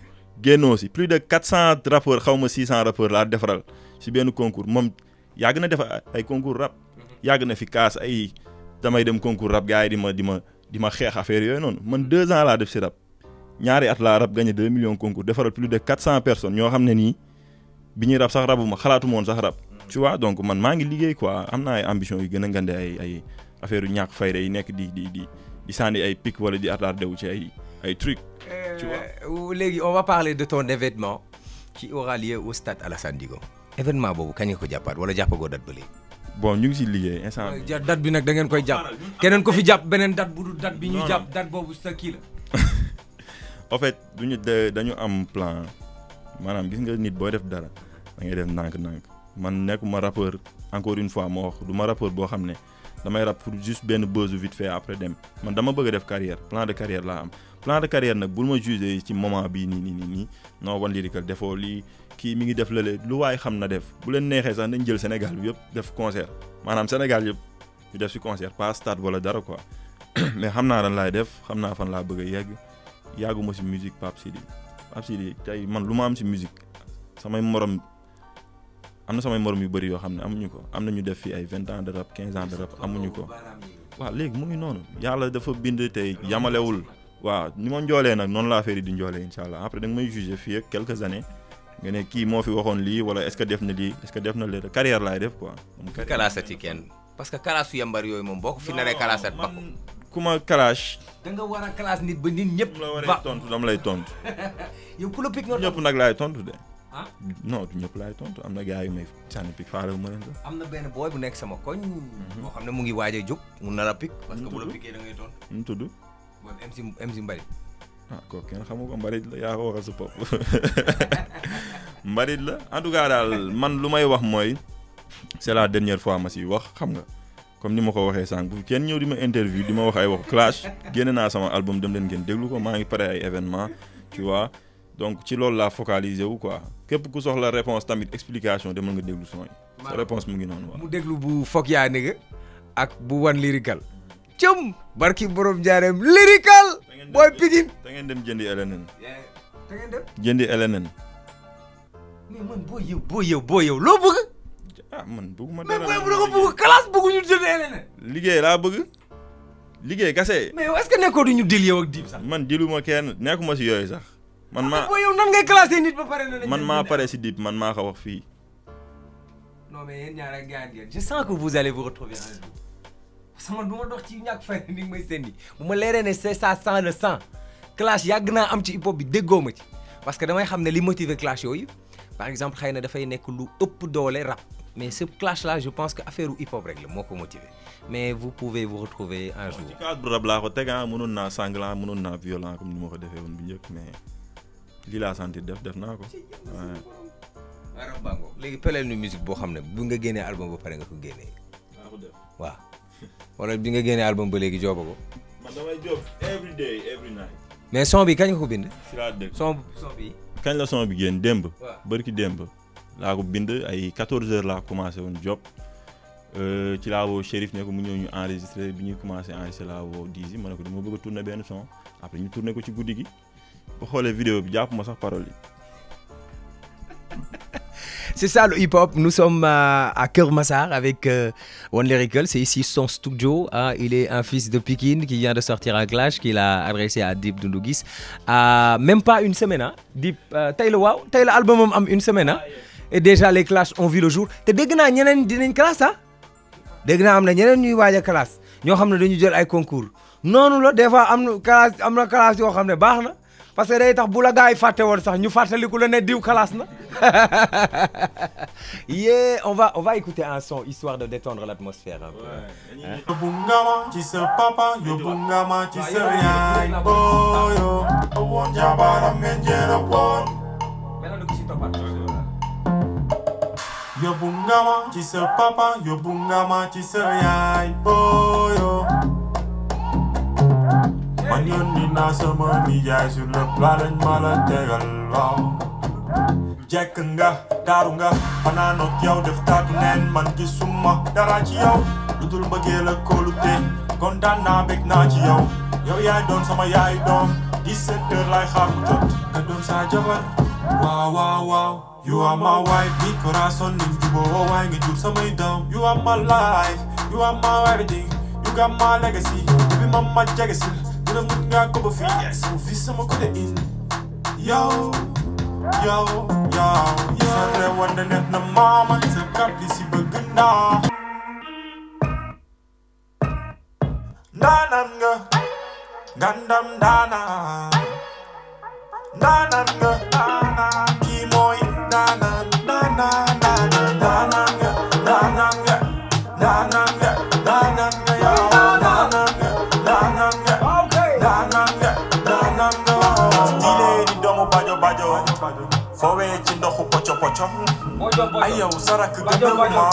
génnoo si plus de 400 rappeurs xaw ma 600 rappeurs laa defaral si benn concours moom. yàgg na def ay concours rap mhm. yàgg na fi kaas ay damay dem concours rab gars yi di ma di ma di ma xeex affaire yooyu noonu man mhm. deux ans laa def si rab ñaari at laa rap gagné deux millions concours defaral plus de quatre cent personnes ñoo xam ne nii bi ñuy rap sax rabu ma xalaatu ma sax rab mhm. tu vois donc man maa ngi liggéey quoi am naa ay ambition yu gën a ngande ay ay affaire yu ñàkk fayda yi nekk di di di di sànni ay pic wala di attardé wu ci ay ay trucs. tu vois euh, léegi on va parler de ton événement qui aura lieu au stade Alassane événement boobu kañ nga ko jàppaat wala jàppagoo date ba léegi. bon ñu ngi si liggéey instant bi. date bi nag da ngeen koy jàpp keneen ko fi jàpp beneen date bu dul date bi. ñu jàpp date boobu sa kii la. en dañu am plan maanaam gis nga nit boo def dara da ngay def nànk ndànk man nekk nekkuma rappeur encore une fois moo wax du ma rappeur boo xam ne damay rap pour juste benn buzz vite fait après dem man dama bëgg def carrière plan de carrière laa am plan de carrière nag bul ma jugé ci moment bii nii nii lii. kii mi ngi def lële lu waaye xam na def bu leen neexee sax nañ jël Sénégal bi yëpp def concert maanaam Sénégal yëpp ñu def si concert pas stade wala dara ko mais xam naa lan laay def xam naa fan laa bëgg a yegg yàgguma si musique Pape Sidi Pape Sidi tey man lu ma am si musique samay morom am na samay morom yu bëri yoo xam ne amuñu ko am na ñu def fii ay vingt ans de rap quinze ans de amuñu ko waa léegi mu ngi noonu yàlla dafa bind tey yamalewul waaw ni ma njoolee nag noonu laa affaire yi di njoolee incha allah après da nga may nga ne kii moo fi waxoon lii wala est-ce def na lii est-ce que def na lii carrière laay def quoi. mu kalaasati kenn parce que kalaasu yambar yooyu moom boo ko fi naree kalaasat ba ku ma kalaas. da nga war a kalaas nit ba nit ñëpp. la waree tontu dama lay tontu. yow ku la picc nga nag laay tontu de. ah non du laay tontu am na gars yu may sànni picc faale wu ma leen sax. am na benn booy bu nekk sama koñ. moo mhm. xam ne mu ngi waaj a jóg mun na la picc. parce que bu la piccee da ngay tontu. mu tudd. booy MC MC Mbari. ah kooku kenn xamu ko mbalit la yaa ko waxal sa bopp mbalit la en tout cas daal man lu may wax mooy c'est la dernière fois ma si wax xam nga comme ni ma ko waxee sànq bu kenn ñëw di ma interview di ma wax ay waxu clash génne naa sama album dem leen ngeen déglu ko maa ngi pare ay événement tu vois donc ci loolu laa focaliser wu ko képp ku soxla réponse tamit explication demal nga déglu son yi sa réponse mu ngi noonu wax mu déglu bu foog yaa nigga ak bu wa lyrical cëm booy Pikine. da ngeen dem jënd LNN. da ngeen dem jëndi mais man boo yow boo yow boo yow loo bëgg. ah man bëgguma dara mais booy liggéey laa bëgg. liggéey kase. mais yow que nekkoo du ñu dil yow ak diib sax. man diluma kenn nekkuma si yooyu sax. man ah, maa boo yow nan ngay classé nit ba pare na man maa pare si diib man maa ko wax fii. non mais yéen ñaar ak gars je sens sama que ma dox ci ñàkk fay ni may sendi bu ma leeree ne c'est ça sans le sang clash yàgg naa am ci hip hop bi déggoo ma ci parce que damay xam ne li motiver clash yooyu par exemple xëy na dafay nekk lu ëpp doole rap mais ce clash là je pense que affaire hip hop rek moo ko motiver mais vous pouvez vous retrouver un jour. ci cadre rap laa ko teg ah mënoon naa sanglant mënoon naa violent comme ni ma ko defee woon bu njëkk mais lii laa sentir def def naa ko. waaw rap léegi peleel nu boo xam ne bu nga génnee album ba pare nga ko génnee. waaw. wala bi nga génnee album ba léegi jooba ko. man damay joob every day every night. mais son bi kañ nga ko bind. si laa dëkk son son bi. kañ la son bi génn démb. waaw bërki démb laa ko bind ay 14 heures laa commencé woon job euh, ci laa woo Chérif ne ko mu ñëw ñu enregistré bi ñuy commencé en laa woo diis yi ma ne ko dama bëgg a tourné benn son après ñu tourné ko ci guddi gi ba xoolee vidéo bi jàpp ma sax parole yi. c'est ça le hip-hop. Nous sommes à, à avec euh, One Lyrical. C'est ici son studio. Hein. Il est un fils de Pikine qui vient de sortir un clash qu'il a adressé à Deep Dundougis. À même pas une semaine. Hein. Deep, euh, tey la waaw tey la album am une semaine. Hein. et déjà les clashs on vu le jour te dégg naa ñeneen dinañ classe ah. dégg naa am na ñeneen ñuy waaj a ñoo xam ne dañu jël ay concours noonu la des fois am na classe am na classe yoo xam ne baax na. parce que day tax bu la gars yi fàtte woon sax ñu fàttaliku la ne diw classe na yee on va écouter un son histoire de détendre l'atmosphère un peu. yóbbu ci sa papa yóbbu nga ma ci sa yaay booyo oh. woon jabaaram ngeen jëra woon. ci sa papa yóbbu nga ci sa yaay booyo. Oh. man yónni naa sama nijaay sur le plat ma la tegal waaw jekk nga taaru nga fanaan ak yow def neen man gisuma dara ci lu dul mbëggee la kóolute kontaan naa bég naa ci yow yaay doon sama yaay doom 17 heures lay xaar jot nga doon saa jabar waaw waaw waaw You are my wife, mi corazón nim jubo waay nga jur samay doom You are my life, you are my everything, you got my legacy, you be my dina mut nga ko ba fii yaay sama vie sama ko de indi yow yow yow sa rewan da net na maama sa kat li si bëgg naa ndaanaan nga ngandam ndaanaan ndaanaan nga ndaanaan ay yow sarak gënal ma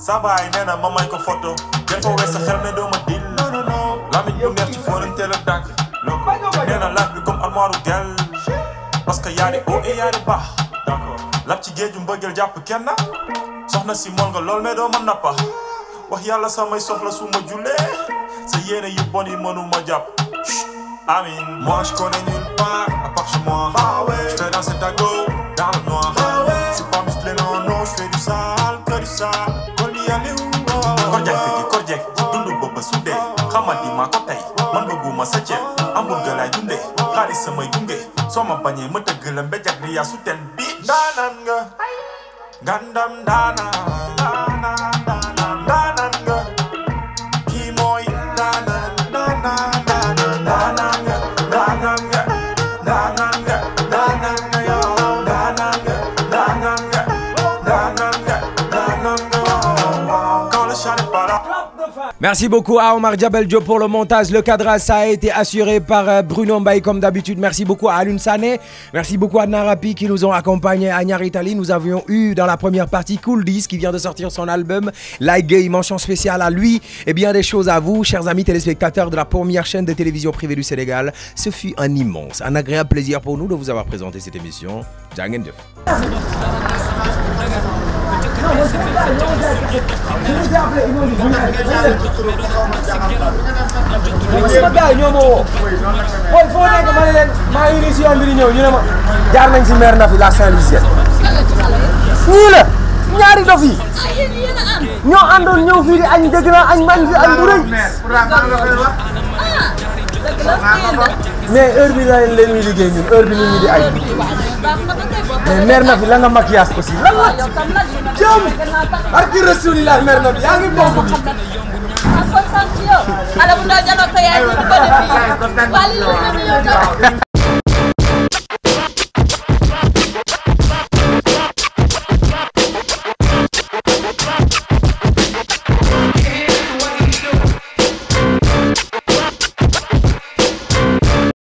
sabaay nee na ma may ko photo dafa wees sa xel ne doo ma dil lamiñ bu neex ci fóonañ teel a dàkk nee na bi comme armoire gel parce que yaa di oo et yaa di baax lab ci géeju mbëggeel jàpp kenn soxna si mool nga lool mais doo ma nappa wax yàlla samay soxla su ma jullee sa yéene yi bon yi mënuma jàpp amin moi je connais nulle part à part chez moi je fais danser ta korjek ji korjek dund booba sudee xamadi maa ko tey man bëgguma sa ceeb a laay dunde xaalis samay gunge soo ma bañee ma tëgg la mbéjak riyaa su ten bi ndaanaan nga ngandam ndaanaan Merci beaucoup à Omar Diabel Diop pour le montage. Le cadrage, ça a été assuré par euh, Bruno Mbaye comme d'habitude. Merci beaucoup à Alun Sané. Merci beaucoup à Narapi qui nous ont accompagnés à Nyaritali. Nous avions eu dans la première partie Cool 10 qui vient de sortir son album Like Gay, mention spéciale à lui. Et eh bien des choses à vous, chers amis téléspectateurs de la première chaîne de télévision privée du Sénégal. Ce fut un immense, un agréable plaisir ma woo. mooy foo jaar nañ si maire Nafi la Saint-Louisienne. ñii la ñaari dof yi. ñoo àndoon ñëw fii añ dégg naa añ man mais heure bi la leen ñuy liggéey ñun heure bi ñu di añ. mais mère Nafi la nga maquillage aussi lan la jëm barki Rasulillah mère Nafi yaa ngi bokk. ah